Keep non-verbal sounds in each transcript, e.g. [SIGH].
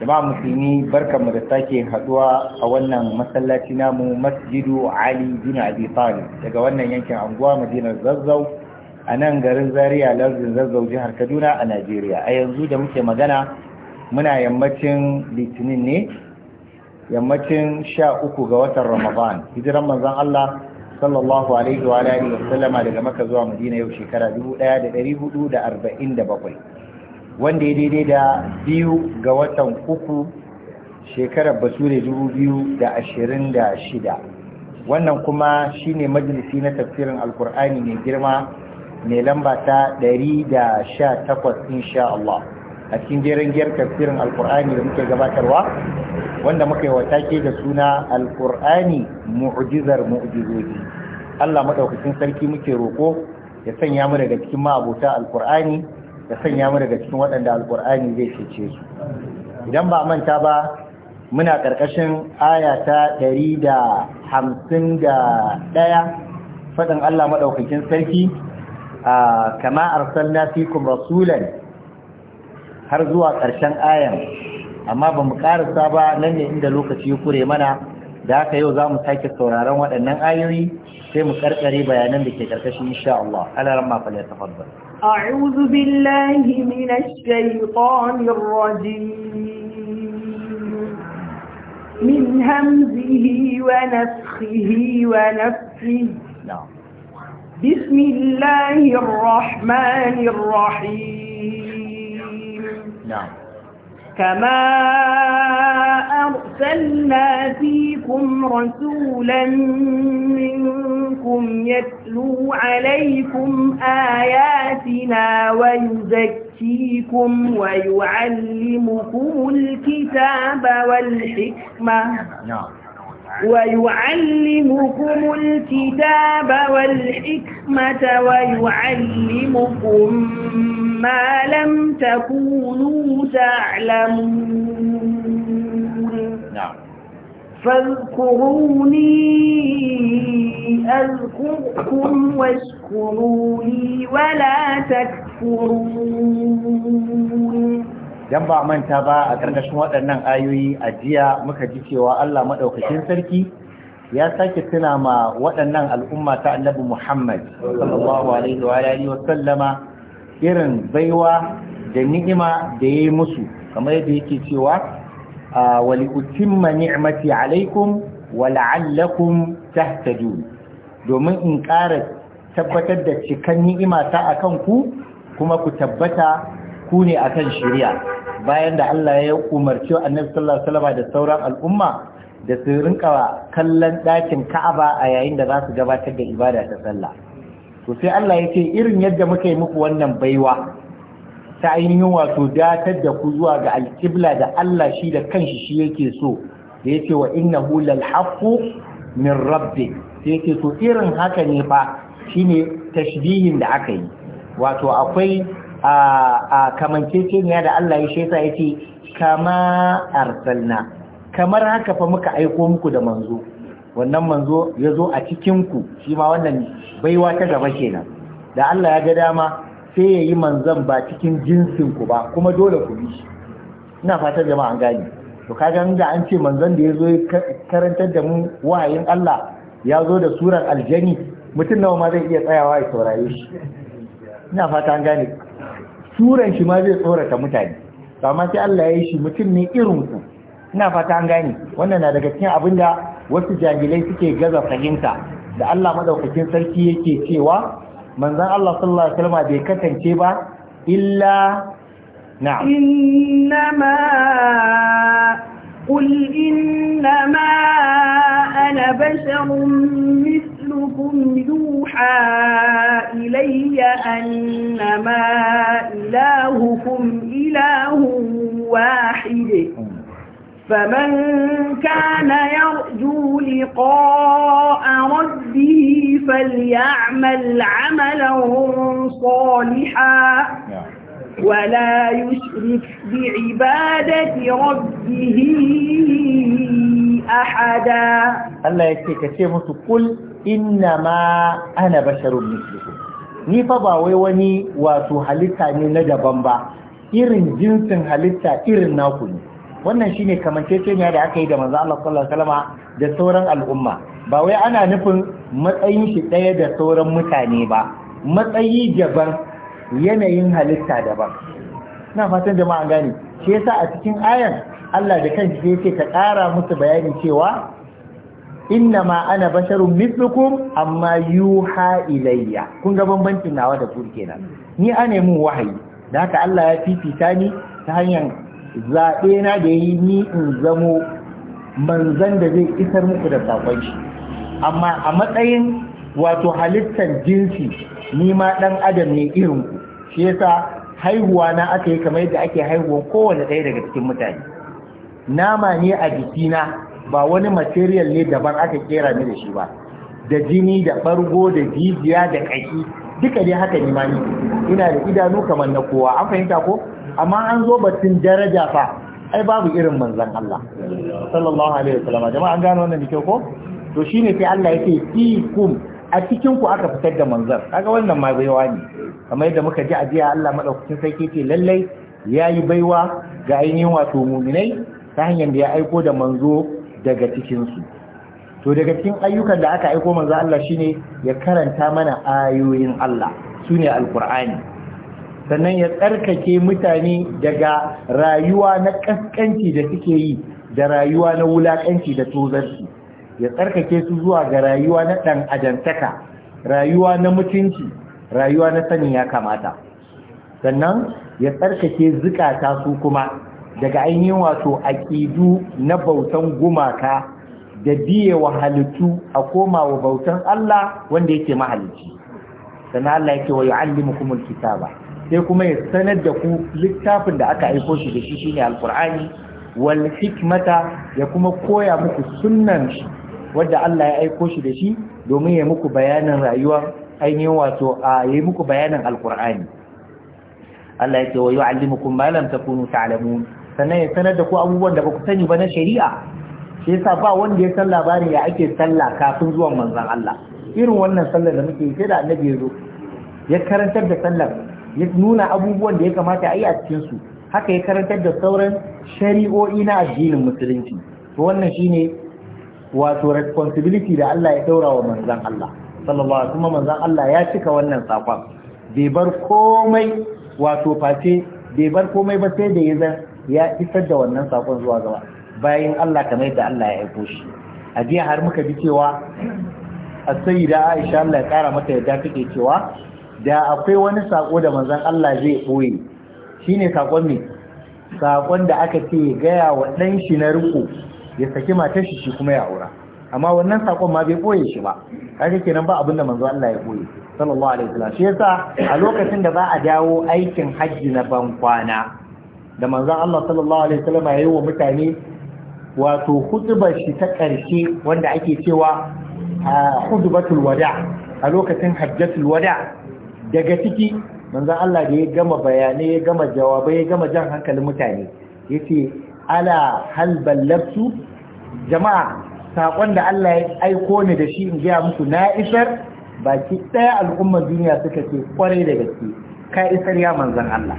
jama'a musulmi barkanmu da sake haduwa a wannan masallaci namu masjidu ali bin abi talib daga wannan yankin anguwa madinar zazzau a nan garin zaria lardin zazzau jihar kaduna a najeriya a yanzu da muke magana muna yammacin litinin ne yammacin sha uku ga watan ramadan hijiran manzon allah sallallahu alaihi wa alihi wa sallama daga maka zuwa madina yau shekara bakwai. wanda ya daidai da biyu ga watan uku shekarar basure shida, wannan kuma shine majalisi na tafsirin alkur'ani mai girma mai lamba ta da takwas insha Allah a cikin jerin giyar tafsirin alkur'ani da muke gabatarwa wanda muka yi take da suna alkur'ani mu'ujizar mu'jizoji Allah maɗaukacin sarki muke roƙo ya sanya mu daga cikin ma'abota alkur'ani da sanya mu daga cikin waɗanda alƙur'ani zai cece su idan ba manta ba muna ƙarƙashin aya ta ɗari da hamsin da ɗaya faɗin Allah maɗaukakin sarki a kama fi kuma rasulan har zuwa ƙarshen ayan amma ba mu ƙarasa ba nan ne inda lokaci ya kure mana da haka yau za mu sake sauraron waɗannan ayoyi sai mu karkare bayanan da ke karkashin insha Allah alaran ma fal tafaddal a'udhu billahi minash shaytanir rajim min hamzihi wa nafthihi wa nafthihi بسم الله الرحمن الرحيم نعم كما أرسلنا فيكم رسولا منكم يتلو عليكم آياتنا ويزكيكم ويعلمكم الكتاب والحكمة نعم. ويعلمكم الكتاب والحكمة ويعلمكم ما لم تكونوا تعلمون نعم فاذكروني أذكركم واشكروني ولا تكفرون dan ba manta ba a ƙarƙashin waɗannan ayoyi a jiya muka ji cewa Allah maɗaukacin sarki ya sake tuna ma waɗannan al'umma ta annabi Muhammad sallallahu alaihi wa alihi wa sallama irin baiwa da ni'ima da ya yi musu kamar yadda yake cewa wali utimma ni'mati alaikum wa la'allakum tahtadun domin in ƙara tabbatar da cikan ni'ima ta akan ku kuma ku tabbata ku ne akan shari'a bayan da Allah ya umarci Annabi sallallahu alaihi wasallam da sauran al'umma da su rinka kallon ɗakin Ka'aba a yayin da za su gabatar da ibada ta sallah to sai Allah ya ce irin yadda muka yi muku wannan baiwa ta ainihin wato datar da ku zuwa ga alkibla da Allah shi da kanshi shi yake so da yake wa inna hulal haqqu min rabbi sai yake to irin haka ne fa shine tashbihin da aka yi wato akwai a kamanceceniya da Allah ya shesa ya kama arsalna kamar haka fa muka aiko muku da manzo wannan manzo ya zo a cikinku shi ma wannan baiwa ta gaba kenan da Allah ya ga dama sai ya yi manzan ba cikin jinsinku ba kuma dole ku bi shi ina fatan jama'a an gane to kaga da an ce manzon da ya zo karantar da mu wahayin Allah ya zo da surar aljani mutum nawa ma zai iya tsayawa ya saurare shi ina fata an gane suran shi ma zai tsorata mutane amma sai Allah ya yi shi mutum ne irin ku ina fata an gane wannan na daga cikin abin da wasu jahilai suke gaza fahimta da Allah madaukakin sarki yake cewa manzon Allah sallallahu alaihi wasallam bai kasance ba illa na'am innama قل إنما أنا بشر مثلكم يوحى إلي أنما إلهكم إله واحد فمن كان يرجو لقاء ربه فليعمل عملا صالحا نعم. ولا يشرك بعبادة ربه أحدا الله يكتك شيء قل إنما أنا بشر مثلكم ni fa ba wai wani wato halitta ne na daban ba irin jinsin halitta irin naku ne wannan shine kamanceceniya da aka yi da manzo Allah sallallahu alaihi wasallam da sauran al'umma ba wai ana nufin matsayin shi ɗaya da sauran mutane ba matsayi daban yanayin halitta daban Ina fatan jama'a gane shi yasa a cikin ayan Allah da kanshi yake ce ka ƙara musu bayani cewa inna ma ana basharun mislukum amma yuha ilayya kun ga bambancin nawa da ku kenan ni a nemi wahayi da haka Allah ya fifita ni ta hanyar zaɓe na da yi ni in zamo manzan da zai isar muku da saƙon shi amma a matsayin wato halittar jinsi ni ma ɗan adam ne irin ku shi yasa haihuwa na aka yi kamar yadda ake haihuwa kowane ɗaya daga cikin mutane nama ne a jikina ba wani material ne daban aka kera ni da shi ba da jini da ɓargo da jijiya da ƙashi duka dai haka ne ma ni ina da idanu kamar na kowa an fahimta ko amma an zo batun daraja fa ai babu irin manzan Allah sallallahu alaihi wasallam jama'a an gano wannan ne ko to shine sai Allah yake kum a cikin ku aka fitar da manzan kaga wannan ma baiwa ne kamar yadda muka ji a jiya Allah madaukakin sarki ce lallai yayi baiwa ga ainihin wato muminai ta hanyar da ya aiko da manzo daga cikin su to daga cikin ayyukan da aka aiko manzo Allah shine ya karanta mana ayoyin Allah sune alqur'ani sannan ya tsarkake mutane daga rayuwa na ƙasƙanci da suke yi da rayuwa na wulaƙanci da tozarci ya tsarkake su zuwa ga rayuwa na ɗan adantaka rayuwa na mutunci rayuwa na sanin ya kamata sannan ya tsarkake zukata su kuma daga ainihin wato aƙidu na bautan gumaka da biye wa halittu a koma wa bautan Allah wanda yake mahalicci sannan Allah yake wa yu'allimukumul kitaba sai kuma ya sanar da ku littafin da aka aiko shi da shi shine alqur'ani wal hikmata ya kuma koya muku sunnan shi wanda Allah ya aiko shi da shi domin ya muku bayanin rayuwa ainihin wato a yi muku bayanin alqur'ani Allah yake wa yu'allimukum ma lam takunu ta'lamun sannan ya sanar da ku abubuwan da baku sani ba na shari'a shi yasa ba wanda ya san labarin ya ake sallah kafin zuwan manzon Allah irin wannan sallar da muke yi sai da annabi ya zo ya karantar da sallar ya nuna abubuwan da ya kamata a yi a cikin su haka ya karantar da sauran shari'o'i na addinin musulunci to wannan shine wato responsibility da Allah ya daura wa manzon Allah sallallahu alaihi wasallam manzon Allah ya cika wannan sakon bai bar komai wato face bai bar komai ba sai da ya ya isar da wannan sakon zuwa gaba bayan Allah kamar da Allah ya aiko shi a jiya har muka bi cewa a sayyida Aisha Allah ya kara mata yadda take cewa da akwai wani sako da manzon Allah zai boye shine sakon ne? sakon da aka ce gaya wa dan shi na riko ya saki matar shi shi kuma ya aura amma wannan sakon ma bai boye shi ba kaga kenan ba abinda manzo Allah ya boye sallallahu alaihi wasallam shi yasa a lokacin da za a dawo aikin hajji na ban kwana da manzon Allah sallallahu alaihi wasallam ya yi wa mutane wato hutubar shi ta ƙarshe wanda ake cewa khutbatul ah, wada a lokacin hajjatul wada daga ciki manzon Allah da ya gama bayanai ya gama jawabai ya gama jan hankalin mutane yace ala hal ballabtu jama'a saƙon da Allah ya aiko ni da shi in gaya muku na isar baki ɗaya al'ummar duniya suka ce kwarai da gaske ka isar ya manzon Allah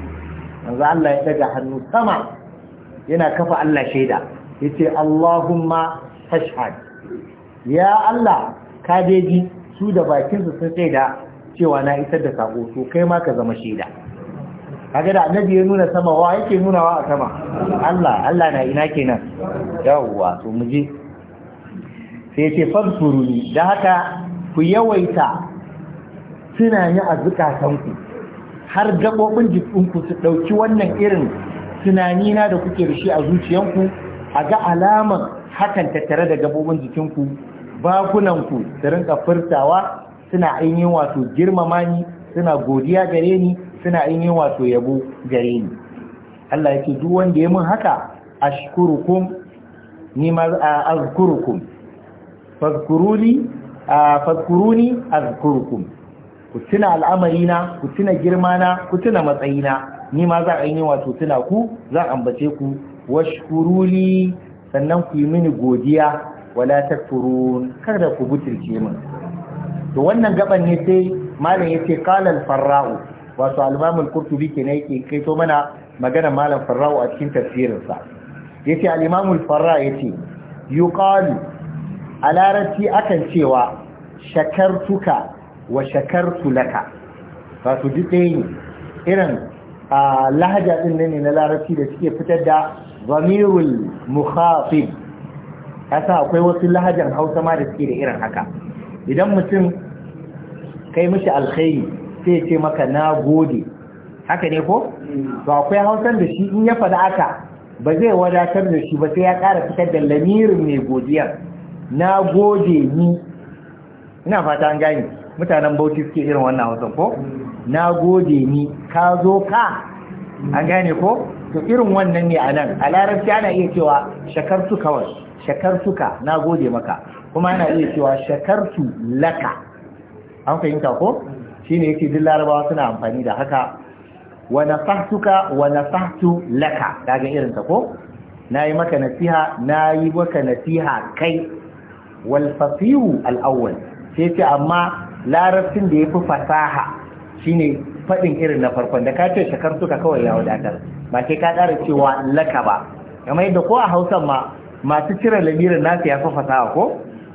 manzon Allah ya daga hannu sama yana kafa Allah shaida yace Allahumma fashhad ya Allah ka deji su da bakinsu sun shaida cewa na isar da sako to kai ma ka zama shaida kaga da annabi ya nuna sama wa yake nunawa a sama Allah Allah na ina kenan yawwa to mu je sai ce ni da haka ku yawaita tunani a zukatanku har gabobin jikinku su dauki wannan irin tunani na da kuke da shi a zuciyanku a ga alamar hakan tattare da gabobin jikinku bakunanku da rinka furtawa suna ainihin wato girmama ni suna godiya gare ni suna ainihin wato yabo gare ni Allah yake duk wanda ya mun haka ashkurukum ni ma azkurukum fazkuruni fazkuruni azkurukum ku tuna al'amari na, ku tuna girmana ku tuna matsayina ni ma zan ainihin wato tuna ku zan ambace ku washkuruli sannan ku yi mini godiya wala takfurun kada ku butulce min to wannan gaban ne sai malam yace qalal farra'u wato al-imam al-qurtubi kenan yake kaito mana magana malam farra'u a cikin tafsirin sa yace al-imam al yace yuqalu a larabci akan cewa shakartuka wa shakartu laka wato duk irin a lahaja din ne na larabci da suke fitar da zamirul mukhafid kasa akwai wasu lahajan hausa ma da suke da irin haka idan mutum kai mishi alkhairi sai ce maka na gode haka ne ko to akwai hausan da shi in ya faɗa aka ba zai wadatar da shi ba sai ya ƙara fitar da lamirin mai godiyar na gode ni ina fata an gani mutanen bauchi suke irin wannan Hausa ko na gode ni ka zo ka an gane ko to irin wannan ne a nan a larabci ana iya cewa shakar suka wasu shakar suka na gode maka kuma yana iya cewa shakartu laka an fahimta ko ne yake duk larabawa suna amfani da haka wa wana wa nasahtu laka kaga irin ta ko nayi maka nasiha nayi maka nasiha kai wal fasihu al awwal sai ce amma larabcin da yafi fasaha shine fadin irin na farkon da ka ce ka kawai ya wadatar ba sai ka ƙara cewa laka ba kamar yadda ko a Hausa ma masu cire lamirin nasu ya fi fasaha ko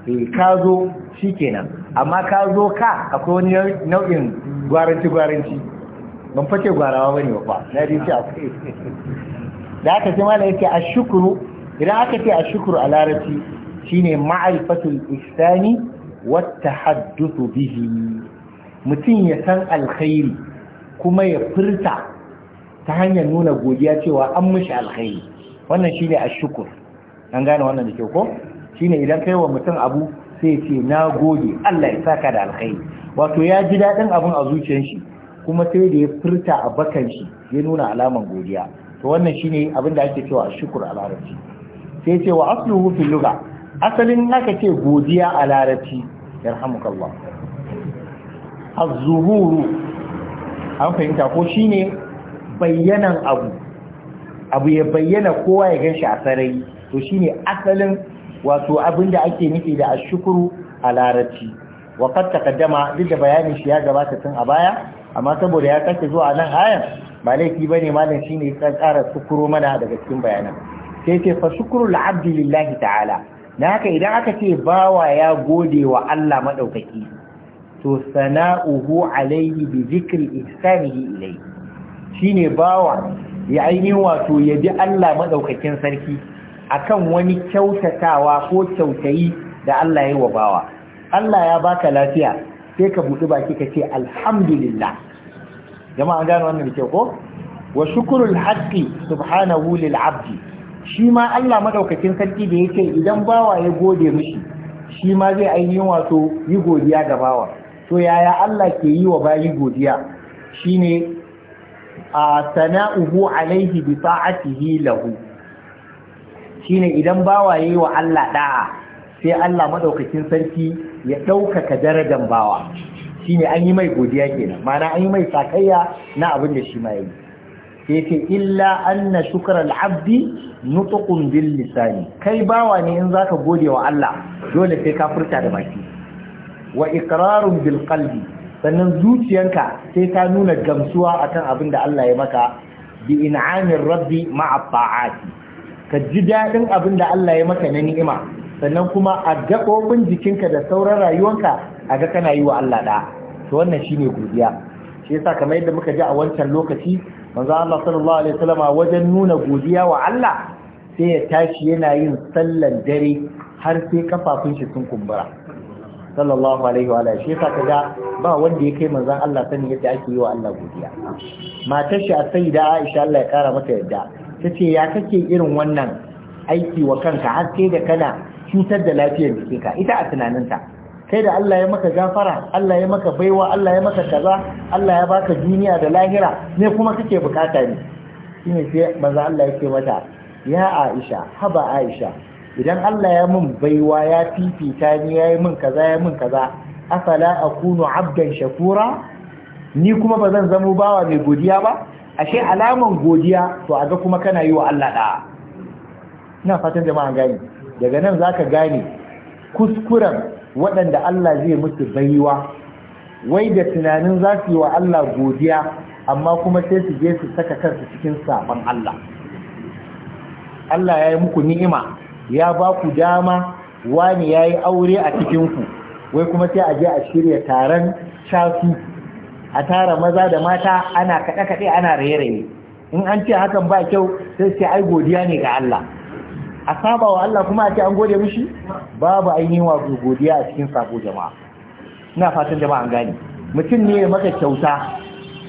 Kazo ka kenan, amma ka ka akwai wani nau'in gwaranci gwaranci ban fake gwarawa bane ba na shi ce kai da aka ce malai yake ashkuru idan aka ce ashkuru a larabci shine ma'rifatul istani wata tahadduth bihi mutum ya san alkhairi kuma ya furta ta hanyar nuna godiya cewa an mishi alkhairi wannan shine ashkur an gane wannan da kyau ko shine idan kai wa mutum abu sai ce na gode Allah ya saka da alkhairi wato ya ji daɗin abin a zuciyar shi kuma sai da ya furta a bakan shi ya nuna alaman godiya to wannan shine abin da ake cewa shukur a larabci sai ce wa asluhu fil lugha asalin aka ce godiya a larabci yarhamukallah az-zuhuru an fahimta ko shine bayyanan abu abu ya bayyana kowa ya ganshi a sarai to shine asalin wato abin da ake nufi da ashukuru a larabci wa takaddama duk da bayanin shi ya gabata tun a baya amma saboda ya kace zuwa nan hayan, ba laifi ba ne malam shine ya ƙara sukuro mana daga cikin bayanan sai ce fa shukrul abdi lillahi ta'ala na haka idan aka ce bawa ya gode wa Allah madaukaki to sana'uhu alaihi bi zikri ihsanihi ilayhi shine bawa ya ainihin wato ya bi Allah madaukakin sarki akan wani kyautatawa ko kyautayi da Allah ya yi wa bawa Allah ya baka lafiya sai ka buɗe baki ka ce alhamdulillah jama'a an wannan da ko wa shukrul haqqi subhanahu lil abdi shi ma Allah madaukakin sarki da yake idan bawa ya gode mishi shi ma zai ainihin wato yi godiya ga bawa to yaya Allah ke yi wa bayi godiya shine a sana'uhu alaihi bi ta'atihi lahu shine idan bawa yi wa Allah ɗa'a, sai Allah madaukakin sarki ya ɗaukaka darajar bawa shine an yi mai godiya kenan ma'ana an yi mai sakayya na abin da shi ma yi sai ce illa anna shukra al-abdi nutqun bil lisani kai bawa ne in zaka gode wa Allah dole sai ka furta da baki wa iqrarun bil qalbi sannan zuciyanka sai ta nuna gamsuwa akan abin da Allah ya maka bi in'amin rabbi ma'a ta'ati ka ji daɗin abin da Allah ya maka na ni'ima sannan kuma a gaɓoɓin jikinka da sauran rayuwanka a ga kana yi wa Allah da to wannan shine godiya shi yasa kamar yadda muka ji a wancan lokaci manzo Allah sallallahu alaihi wasallam wajen nuna godiya wa Allah sai ya tashi yana yin sallar dare har sai kafafun shi sun kumbura sallallahu alaihi wa alihi shi yasa kaga ba wanda ya kai manzo Allah sanin yadda ake yi wa Allah godiya matar shi a sayyida Aisha Allah ya kara mata yadda ta ce ya kake irin wannan aiki wa kanka har sai da kana cutar da lafiyar jiki ka ita a tunaninta kai da Allah ya maka gafara Allah ya maka baiwa Allah ya maka kaza Allah ya baka duniya da lahira ne kuma kake bukata ne shine sai manzo Allah yake mata ya Aisha haba Aisha idan Allah ya mun baiwa ya fifita ni ya yi min kaza ya min kaza afala akunu abdan shakura ni kuma ba zan zamo bawa mai godiya ba ashe alaman godiya to a ga kuma kana yi wa Allah da'a ina fatan jama'a gani. daga nan zaka gane kuskuren waɗanda Allah zai musu baiwa wai da tunanin za su yi wa Allah godiya amma kuma sai su je su saka kansu cikin sabon Allah Allah ya yi muku ni'ima ya ba ku dama wani ya yi aure a cikinku wai kuma sai a je a shirya taron shafi a tara maza da mata ana kaɗe-kaɗe ana raye-raye in an ce hakan ba kyau sai ce ai godiya ne ga Allah a saba wa Allah kuma a ce an gode mishi babu ainihin wa godiya a cikin sabo jama'a ina fatan jama'a an gane mutum ne ya maka kyauta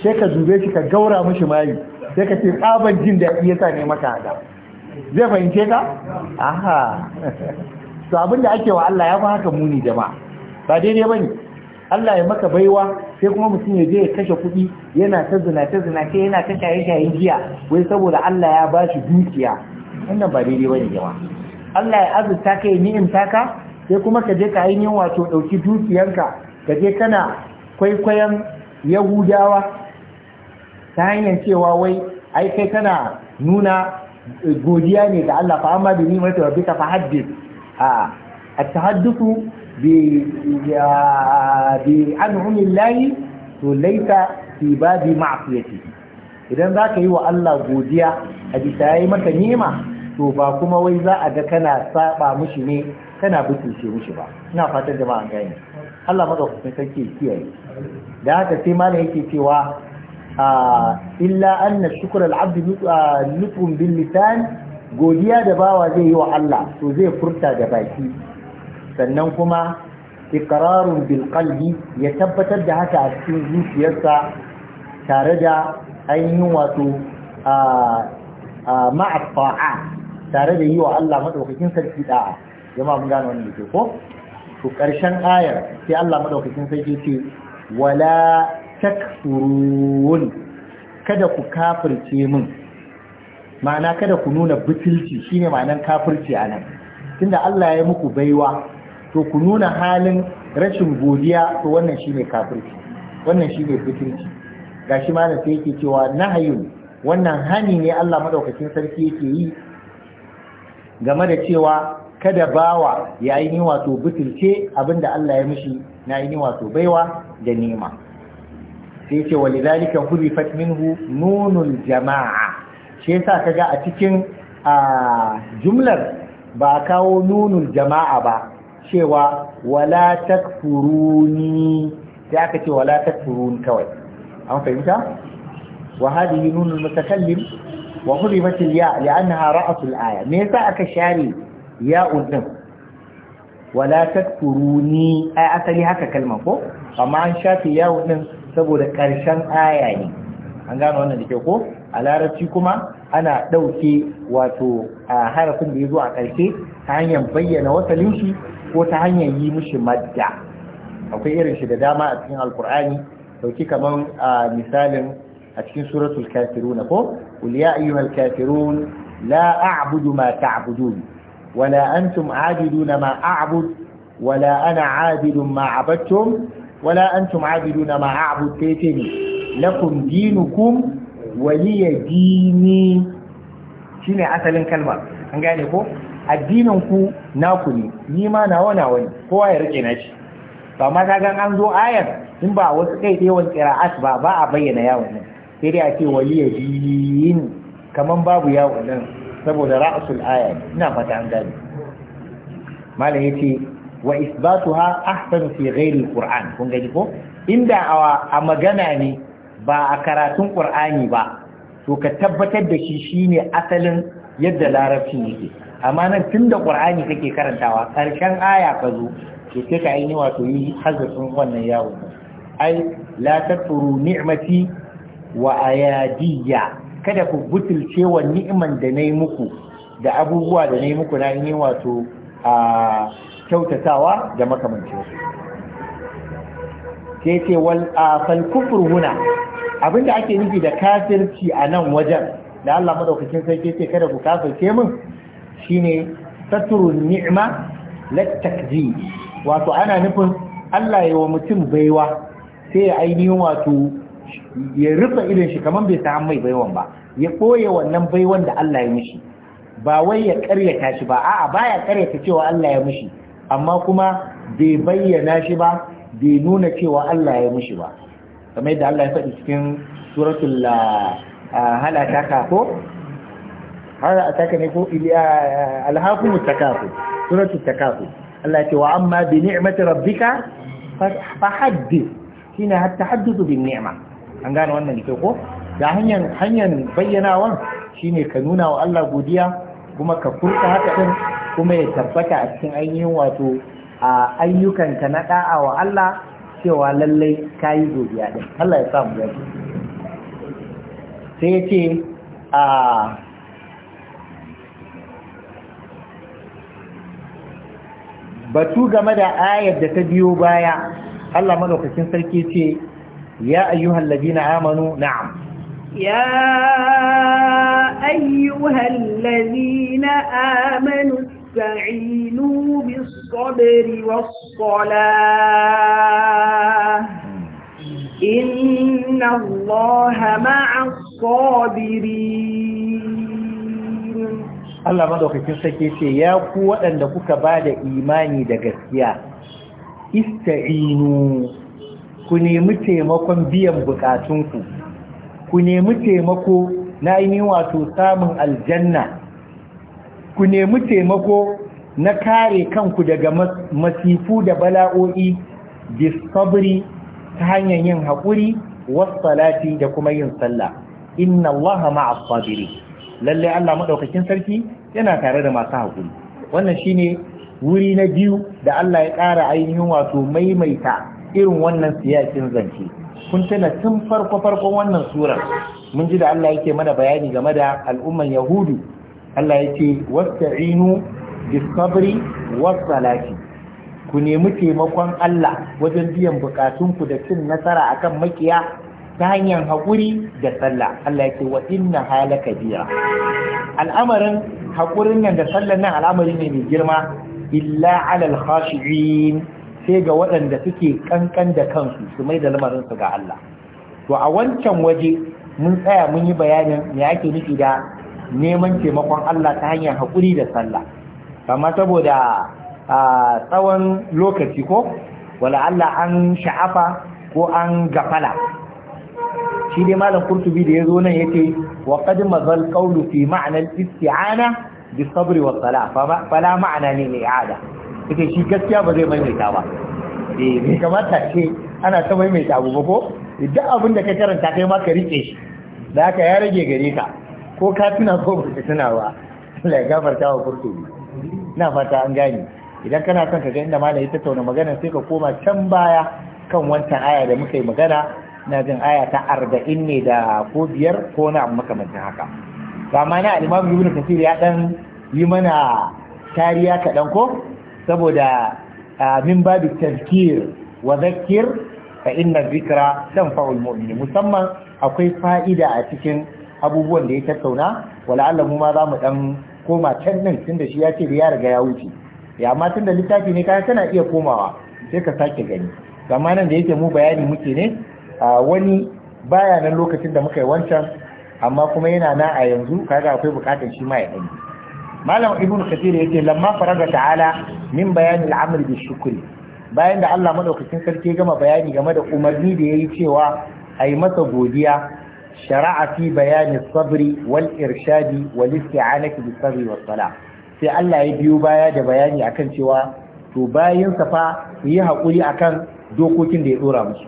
sai ka zube shi ka gaura mishi mari sai ka ce tsaban jin daɗi ya sa ne maka haka zai fahimce ka aha [LAUGHS] to abin da ake wa Allah ya fi haka muni jama'a ba daidai ne Allah ya maka baiwa sai kuma mutum ya je ya kashe kuɗi yana ta zina ta zina sai yana ta shaye shayen giya wai saboda Allah ya ba shi dukiya wannan ba daidai bane jama'a Allah ya azurta ka ya ni'imta ka sai kuma ka je ka ainihin wato ɗauki dukiyanka ka je kana kwaikwayon yahudawa ta hanyar cewa wai ai kai kana nuna godiya ne ga Allah fa amma bi ni mai wa ta fa haddith a at-tahadduku بأنعم الله to laita fi babi ma'asiyati idan za ka yi wa Allah godiya a bisa maka nema to ba kuma wai za a ga kana saba mushi ne kana butulce mushi ba ina fatan jama'a gane Allah madaukakin sarki kiyaye da haka sai malam yake cewa illa anna shukr al-abd lutfun bil godiya da bawa zai yi wa Allah to zai furta da baki sannan kuma ikararun bilkalbi ya tabbatar da haka a cikin zuciyarsa tare da ainihin wato a ma'a tare da yi wa Allah madaukakin sarki da'a jama'a mun gane wani ke ko to ƙarshen ayar sai Allah madaukakin sarki ce wala takfurun kada ku kafirce mun ma'ana kada ku nuna butulci shine ma'anan kafirci nan. tunda Allah ya muku baiwa to ku nuna halin rashin godiya to wannan shine kafirci wannan shine Ga gashi malam sai yake cewa nahayun wannan hani ne Allah madaukakin sarki yake yi game da cewa kada bawa ya yi wato butulce abinda Allah ya mishi na ainihin wato baiwa da nema sai ce wa lidalika hurifat minhu nunul jama'a shi yasa kaga a cikin jumlar ba kawo nunul jama'a ba cewa wala takfuruni sai aka ce wala takfuruni kawai an fahimta wa hadhihi nunul mutakallim wa hurimat al li'annaha ra'atul aya me yasa aka share ya'un din wala takfuruni ai asali haka kalma ko amma an shafe ya'un din saboda karshen aya ne an gano wannan da ke ko a larabci kuma ana ɗauke wato a harafin da ya zo a ƙarshe ta hanyar bayyana wasalin shi ko ta hanyar yi mishi madda akwai irin shi da dama a cikin alkur'ani dauki kamar misalin a cikin suratul kafiruna ko qul ya ayyuhal kafirun la a'budu ma ta'budun wala antum aabiduna ma a'bud wala ana aabidun ma abattum wala antum aabiduna ma a'bud taytini lakum dinukum waliya dini shine asalin kalmar an gane ko addinin ku naku ne ni ma nawa nawa ne kowa ya rike nashi ba ma ta gan an zo ayar in ba wasu kai dai wani qira'at ba ba a bayyana yawon nan sai dai a ce waliya yin kaman babu yawon nan saboda ra'sul aya ina fata an gane malam yace wa isbatuha ahsan fi ghairi alquran kun gani ko inda a magana ne ba a karatun qur'ani ba to ka tabbatar da shi shine asalin yadda larabci yake amma nan tun da ƙur'ani kake karantawa ƙarshen aya ka zo to sai ka aini wato yi hazafin wannan yawo ai la tattaru ni'mati wa ayadiyya kada ku butulce wa ni'iman da yi muku da abubuwa da yi muku na yi wato a kyautatawa da makamancin Ke ce wal fal kufru huna abinda ake nufi da kafirci a nan wajen da Allah madaukakin sarki ce kada ku kafirce min shine saturun ni'ma lattakzi wato ana nufin Allah ya wa mutum baiwa sai ya ainihin wato ya rufe irin shi kamar bai samu mai baiwan ba ya koye wannan baiwan da Allah ya mishi ba wai ya karyata shi ba a'a baya karyata cewa Allah ya mishi amma kuma bai bayyana shi ba bai nuna cewa Allah ya mishi ba kamar yadda Allah ya faɗi cikin suratul ah, ah, halaka ko a taka ne ko alhafu takafu suratul takafu Allah ce wa amma bi ni'mati rabbika fa haddith shine hatta haddithu bin ni'ma an gane wannan ne ko da hanyar hanyar bayyanawa shine ka nuna wa Allah godiya kuma ka furta haka din kuma ya tabbata a cikin ainihin wato a ayyukanka na da'a wa Allah cewa lallai kayi godiya din Allah ya sa mu yaki sai ce a batu game da ayar da ta biyo baya Allah madaukakin sarki ce ya ayyuhal ladina amanu na'am ya ayyuhal ladina amanu sa'inu bis استعينوا بالصبر والصلاة إن الله مع sabirin Allah madaukakin sake ce ya ku waɗanda kuka ba da imani da gaskiya ista'inu ku nemi taimakon biyan bukatun ku nemi taimako na ainihin wato samun aljanna ku nemi taimako na kare kanku daga masifu da bala'o'i disabri ta hanyar yin haƙuri wasu salati da kuma yin sallah inna allaha ma'as sabiri lalle Allah maɗaukakin sarki yana tare da masu hakuri wannan shine wuri na biyu da Allah ya ƙara ainihin wato maimaita irin wannan siyakin zance kun tana tun farko farkon wannan surar mun ji da Allah yake mana bayani game da al'umman yahudu Allah yake wasta'inu bis sabri was ku nemi taimakon Allah wajen biyan bukatunku da cin nasara akan makiya ta hanyar haƙuri da sallah Allah ya ce wa inna halaka biya al'amarin haƙurin nan da sallar nan al'amari ne mai girma illa alal khashi'in sai ga waɗanda suke kankan da kansu su mai da lamarin su ga Allah to a wancan waje mun tsaya mun yi bayanin me ake nufi da neman taimakon Allah ta hanyar haƙuri da sallah amma saboda a tsawon lokaci ko wala Allah an sha'afa ko an gafala shi dai malam kurtubi da ya zo nan yace wa qad mazal qawlu fi ma'na al-isti'ana bi sabri wa salah fala ma'ana ne li'ada yace shi gaskiya ba zai maimaita ba eh bai kamata ce ana ta maimaita abu ba ko duk abin da ka karanta kai ma ka rike shi da haka ya rage gare ka ko ka tuna ko ba ka tuna ba Allah ya gafarta wa kurtubi ina fata an gane idan kana son ka ga inda malam ya tattauna magana sai ka koma can baya kan wancan aya da muka yi magana na jin aya ta arba'in ne da ko biyar ko na abu makamancin haka ba ma na al'imam ibn kasir ya ɗan yi mana tariya kaɗan ko saboda min babu tazkir wa zakir fa inna zikra fa'ul mu'min musamman akwai fa'ida a cikin abubuwan da ya tattauna wala mu ma za mu dan koma can tun tunda shi ya ce da ya riga ya wuce ya amma tunda littafi ne kaga kana iya komawa sai ka sake gani Zamana nan da yake mu bayani muke ne wani baya nan lokacin da muka yi wancan amma kuma yana na a yanzu kaga akwai bukatar shi ma ya dani malam ibnu kathir yace lamma faraga ta'ala min bayan al-amr bi shukri bayan da Allah madaukakin sarki gama bayani game da umarni da yayi cewa ai masa godiya shara'a fi bayani sabri wal irshadi wal isti'anati bis sabri was sai Allah ya biyo baya da bayani akan cewa to bayin sa yi hakuri akan dokokin da ya dora musu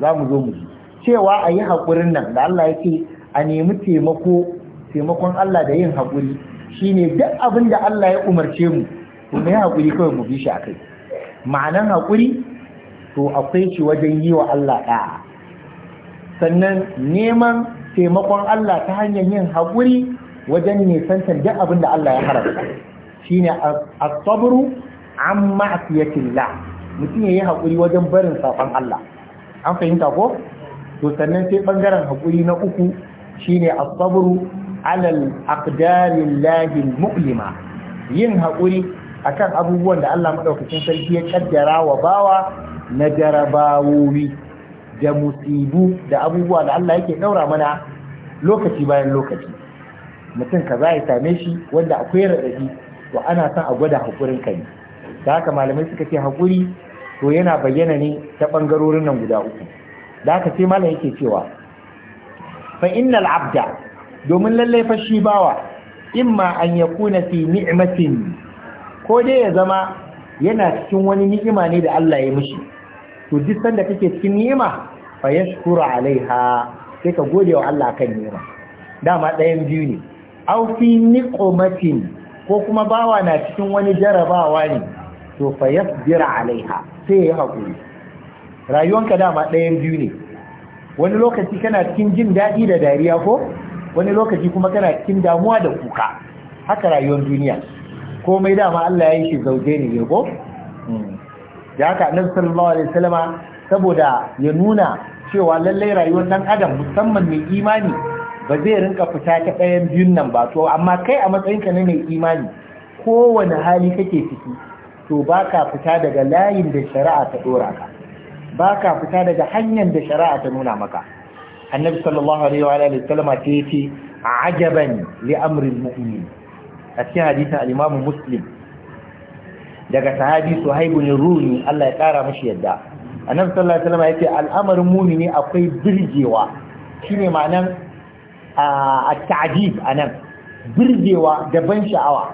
za mu zo mu ji cewa a yi haƙurin nan da Allah ya ce a nemi taimako taimakon Allah da yin haƙuri shine duk abin da Allah ya umarce mu to mu yi haƙuri kawai mu bi shi a kai ma'anan haƙuri to akwai shi wajen yi wa Allah ɗaya sannan neman taimakon Allah ta hanyar yin haƙuri wajen nisantar duk abin da Allah ya haramta shine as-sabru an ma'asiyatillah mutum ya yi haƙuri wajen barin saƙon Allah an fahimta ko to sannan sai bangaren hakuri na uku shine as-sabru alal aqdarillahi al-mu'lima yin hakuri akan abubuwan da Allah madaukakin sarki ya kaddara wa bawa na jarabawowi da musibu da abubuwa da Allah yake daura mana lokaci bayan lokaci mutum kaza ya same shi wanda akwai radadi to ana son a gwada hakurin kai da haka malamai suka ce hakuri to yana bayyana ne ta bangarorin nan guda uku da aka sai malam yake cewa fa innal abda domin lalle fa shi bawa imma an yakuna fi ni'matin ko dai ya zama yana cikin wani ni'ima ne da Allah ya mishi to duk sanda kake cikin ni'ima fa yashkuru alaiha sai ka gode wa Allah kan ni'ima dama ɗayan biyu ne aw fi niqmatin ko kuma bawa na cikin wani jarabawa ne to fa yasbira alaiha sai ya haƙuri rayuwanka dama ɗayan biyu ne wani lokaci kana cikin jin daɗi da dariya ko wani lokaci kuma kana cikin damuwa da kuka haka rayuwar duniya komai dama Allah ya yi shi zauje ne ne ko hmm. da haka annabi sallallahu alaihi wasallama saboda ya nuna cewa lallai rayuwar dan adam musamman mai imani ba zai rinka fita ta ɗayan biyun nan ba to amma kai a matsayinka na mai imani kowane hali kake ciki to ba ka fita daga layin da shari'a ta ɗora ka ba ka fita daga hanyar da shari'a ta nuna maka annabi sallallahu alaihi wa alihi sallama ta yace ajaban li amril a cikin hadisin al-imamu muslim daga sahabi suhaibu ne runi Allah ya kara mashi yadda annabi sallallahu alaihi wasallam yace al'amarin mumini akwai birgewa shine ma'anan at-ta'jib anan birgewa da ban sha'awa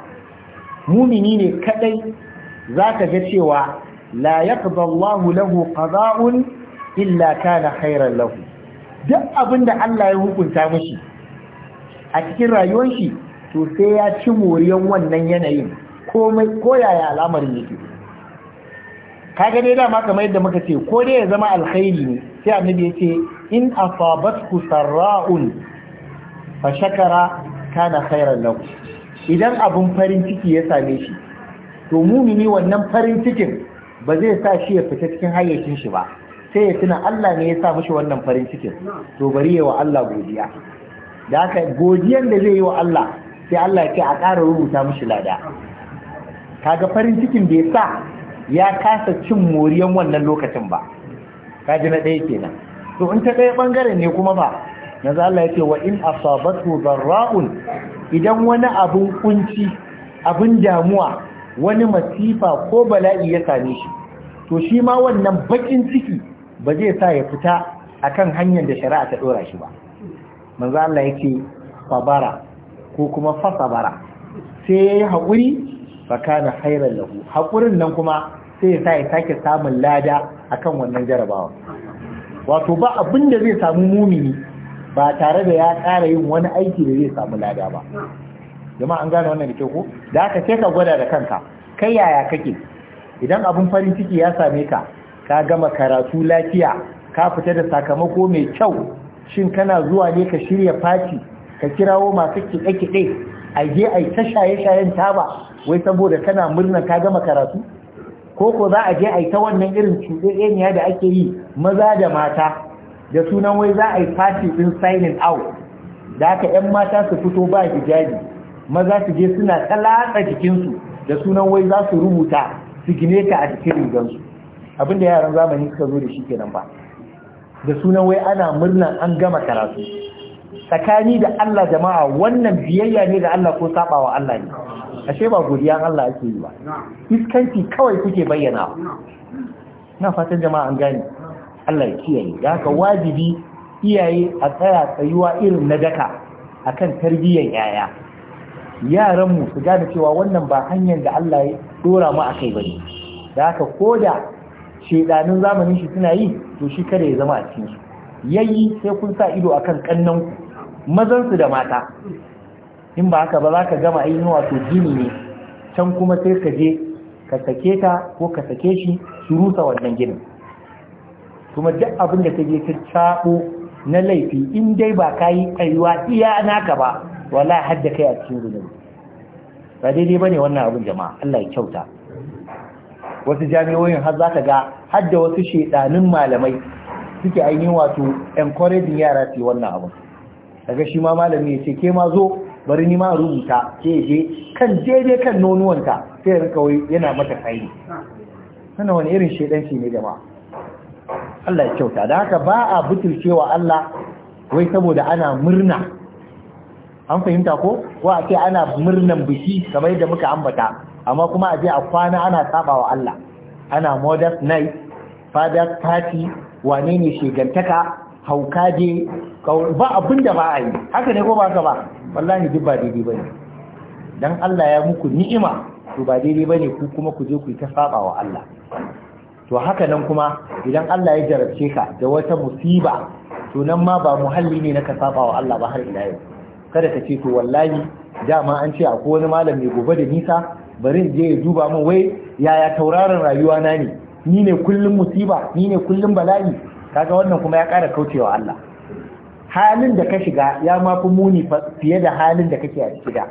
mumini ne kadai za ka ga cewa la yaqda Allahu lahu qada'un illa kana khairan lahu duk abinda Allah ya hukunta mishi a cikin rayuwar shi to sai ya ci moriyan wannan yanayin komai yaya al'amarin yake kaga dai dama kamar yadda muka ce ko dai ya zama alkhairi ne sai annabi ya ce in asabatku sarra'un fa shakara kana khairan lahu idan abun farin ciki ya same shi to mumini wannan farin cikin ba zai sa shi ya fita cikin hayyacin shi ba sai ya tuna Allah ne ya sa mishi wannan farin cikin to bari ya wa Allah godiya da haka godiyan da zai yi wa Allah sai Allah ya ce a ƙara rubuta mishi lada kaga farin cikin da ya sa ya kasa cin moriyan wannan lokacin ba kaji na ɗaya kenan to in ta ɗaya ɓangaren ne kuma ba yanzu Allah ya ce wa in asabatu darra'un idan wani abun kunci abun damuwa wani masifa ko bala'i ya same shi to shi ma wannan bakin ciki ba zai sa ya fita akan hanyar da shari'a ta dora shi ba manzo Allah yake fabara ko kuma fasabara sai yayi hakuri kana khairan lahu hakurin nan kuma sai ya sa ya sake samun lada akan wannan jarabawa wato ba abin da zai samu mumini ba tare da ya ƙara yin wani aiki da zai samu lada ba Jama'an gane wannan da ke ko da aka ce ka gwada da kanka kai yaya kake idan abin farin ciki ya same ka ka gama karatu lafiya ka fita da sakamako mai kyau shin kana zuwa ne ka shirya fati ka kirawo masu kiɗe-kiɗe a je a yi ta shaye-shayen taba wai saboda kana murna ka gama karatu ko ko za a je a yi ta wannan irin cuɗeɗeniya da ake yi maza da mata da sunan wai za a yi fati ɗin signing out da aka 'yan mata su fito ba hijabi maza su je suna tsalatsa jikinsu da sunan wai za su rubuta sigineta a cikin rigansu abin da yaran zamani suka zo da shi kenan ba da sunan wai ana murnan an gama karatu tsakani da Allah jama'a wannan biyayya ne da Allah ko sabawa Allah ne ashe ba godiya Allah ake yi ba iskanci kawai kuke bayyana na fatan jama'a an gane Allah ya kiyaye da haka wajibi iyaye a tsaya tsayuwa irin na daka akan tarbiyyar yaya yaranmu su gane cewa wannan ba hanyar da Allah ya dora mu a kai bane da haka ko da shedanin zamanin shi suna yi to shi kada ya zama a cikin su yayi sai kun sa ido akan kannan ku mazan da mata in ba haka ba za ka gama ainihin wato jini ne can kuma sai ka je ka sake ta ko ka sake shi su rusa wannan ginin kuma duk abin da ta je ta cabo na laifi in dai ba ka yi iya naka ba wala hadda kai a cikin gudun? ba daidai bane wannan abin jama'a Allah ya kyauta wasu jami'oyin har za ka ga hadda wasu shedanin malamai suke ainihin wato encouraging yara su wannan abin daga shi ma malami ya ce ke ma zo bari ni ma rubuta ke je kan daidai kan nonuwanta sai rinka wai yana mata kai sannan wani irin shedanci ne jama'a Allah ya kyauta da haka ba a butulcewa Allah wai saboda ana murna an fahimta ko ko a ce ana murnan biki kamar yadda muka ambata amma kuma a je a kwana ana sabawa Allah ana modas night father party wane ne shegantaka hauka je ba abin da ba a yi haka ne ko ba ka ba wallahi duk ba daidai bane dan Allah ya muku ni'ima to ba daidai bane ku kuma ku je ku ta sabawa Allah to haka nan kuma idan Allah ya jarabce ka da wata musiba to nan ma ba muhalli ne na ka sabawa Allah ba har ila yau kada ka ce to wallahi dama an ce akwai wani malam mai gobe da nisa bari je ya duba min wai yaya tauraron rayuwa na ne ni ne kullum musiba ni ne kullum bala'i kaga wannan kuma ya ƙara kaucewa Allah halin da ka shiga ya ma fi muni fiye da halin da kake a ciki da,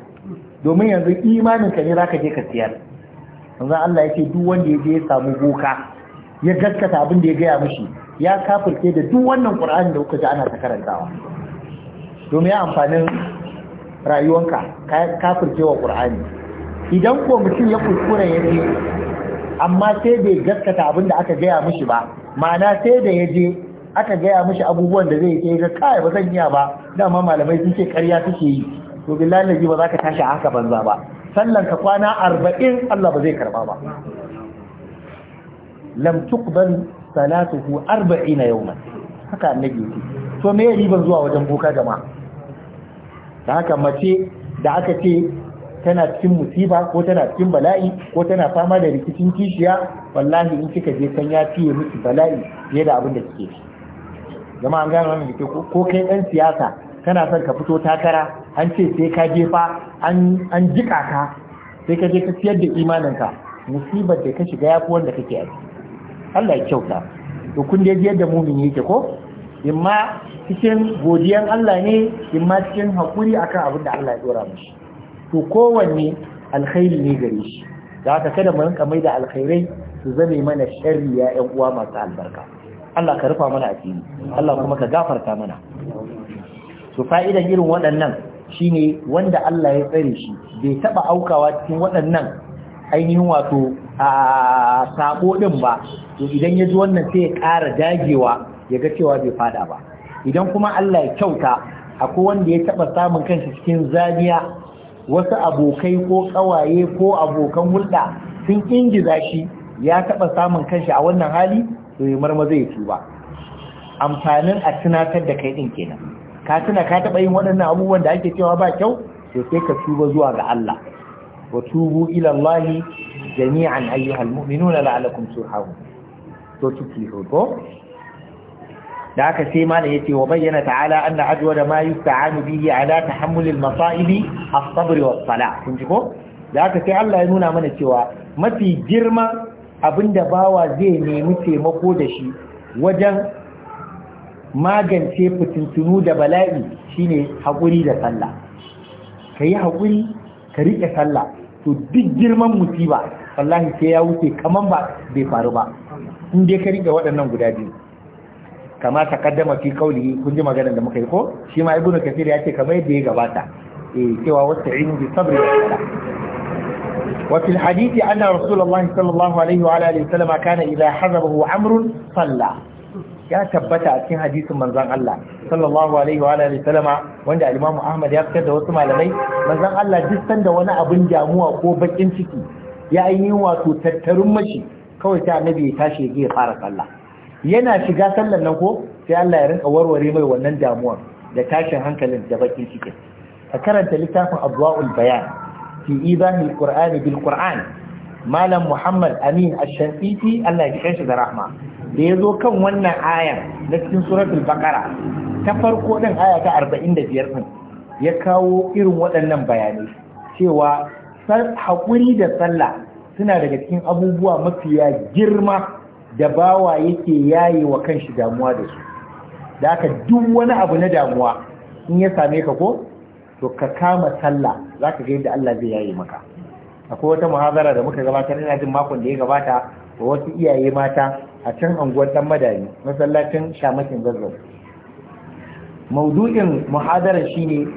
domin yanzu imanin ka ne zaka je ka siyar yanzu Allah ya ce duk wanda ya je ya samu boka ya gaskata abin da ya gaya mishi ya kafirce da duk wannan Qur'ani da kuka ji ana ta karantawa domin amfanin rayuwanka kafirce wa ƙur'ani idan ko mutum ya kuskure ya je amma sai bai gaskata abin da aka gaya mishi ba ma'ana sai da ya je aka gaya mishi abubuwan da zai ke ga kai ba zan iya ba dama malamai sun ce ƙarya suke yi to billahi ba za ka tashi a haka banza ba sallan ka kwana arba'in Allah ba zai karba ba lam tuqbal salatuhu arba'ina haka annabi yake to me riban zuwa wajen boka jama'a Da haka mace da aka ce tana cikin musiba ko tana cikin bala'i ko tana fama da rikicin kishiya wallahi in kika je kan ya fiye miki bala'i fiye da abin da kike ci jama'a an gano wannan da ko kai ɗan siyasa kana son ka fito takara an ce sai ka je fa an jika ka sai ka je ka siyar da imaninka musibar da ka shiga ya fi wanda kake a Allah ya kyauta to kun da yadda mumin yake ko imma cikin godiyan Allah ne imma cikin haƙuri akan abin da Allah ya dora mashi to kowanne alkhairi ne gare shi da aka kada mu rinka mai da alkhairai su zame mana sharri ya ƴan uwa masu albarka Allah ka rufa mana asiri Allah kuma ka gafarta mana to fa'idan irin waɗannan shine wanda Allah ya tsare shi bai taba aukawa cikin waɗannan ainihin wato a sako din ba to idan ya ji wannan sai ya ƙara dagewa ya ga cewa bai fada ba idan kuma Allah ya kyauta akwai wanda ya taba samun kansa cikin zaniya wasu abokai ko kawaye ko abokan hulɗa sun ingiza shi ya taba samun kanshi a wannan hali to ya marma ya tuba amfanin a tunatar da kai din kenan ka tuna ka taba yin waɗannan abubuwan da ake cewa ba kyau to sai ka tuba zuwa ga Allah wa tubu ila Allah jami'an ayyuhal mu'minuna la'alakum turhamun to tuki ko da aka sai malam yace wa bayyana ta'ala anna ajwada ma yusta'anu bihi ala tahammul al-masa'ibi as-sabr as salah kun ji ko da aka sai Allah ya nuna mana cewa mafi girma abinda bawa zai nemi taimako da shi wajen magance fitintunu da bala'i shine hakuri da sallah kayi hakuri ka rike sallah to duk girman musiba wallahi sai ya wuce kaman ba bai faru ba in dai ka rike waɗannan guda biyu kama takaddama fi qawlihi kun ji maganar da muka yi ko shi ma ibnu kafir ya ce kamar yadda ya gabata eh cewa wasta'inu bi sabri wa salah wa fil hadithi anna rasulullahi sallallahu alaihi wa alihi sallama kana idha hazabahu amrun salla ya tabbata a cikin hadisin manzon Allah sallallahu alaihi wa alihi sallama wanda al-imam Ahmad ya fitar da wasu malamai manzon Allah duk sanda wani abun jamuwa ko bakin ciki ya yi wato tattarun mashi kawai ta annabi ya tashi ya fara sallah yana shiga sallan nan ko sai Allah ya rinka warware mai wannan damuwar da tashin hankalin da bakin cikin ka karanta littafin abwaul bayan fi ibahi alqur'ani bil qur'an malam muhammad amin ash-shafiqi Allah ya kishi da rahma da yazo kan wannan aya na cikin suratul baqara ta farko din aya ta 45 din ya kawo irin waɗannan bayanai cewa haƙuri da sallah suna daga cikin abubuwa mafiya girma da bawa yake yayi wa kanshi damuwa da su da aka duk wani abu na damuwa in ya same ka ko to ka kama sallah za ka ga yadda Allah zai yayi maka akwai wata muhazara da muka gabatar ina jin makon da ya gabata da wasu iyaye mata a can anguwar dan madari masallacin shamakin zazzau maudu'in muhadarar shine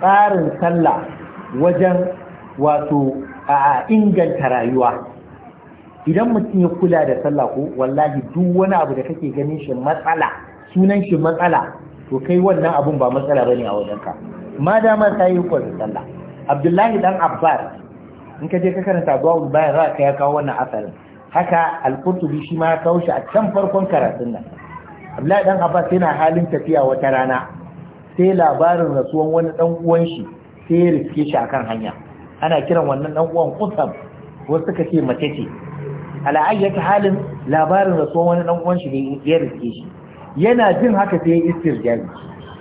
tsarin sallah wajen wato a inganta rayuwa idan mutum ya kula da sallah ko wallahi duk wani abu da kake ganin shi matsala sunan shi matsala to kai wannan abun ba matsala bane a ka ma ma ta yi da sallah abdullahi dan abbas in ka je ka karanta bawul bayan za ka ya kawo wannan asalin haka al-qurtubi shi ma ya kawo shi a can farkon karatun nan abdullahi dan abbas yana halin tafiya wata rana sai labarin rasuwan wani dan uwan shi sai ya riske shi akan hanya ana kiran wannan dan uwan qusab wasu suka ce mace ce ala halin labarin rasuwan wani dan shi ne ya riske shi yana jin haka sai ya istirjali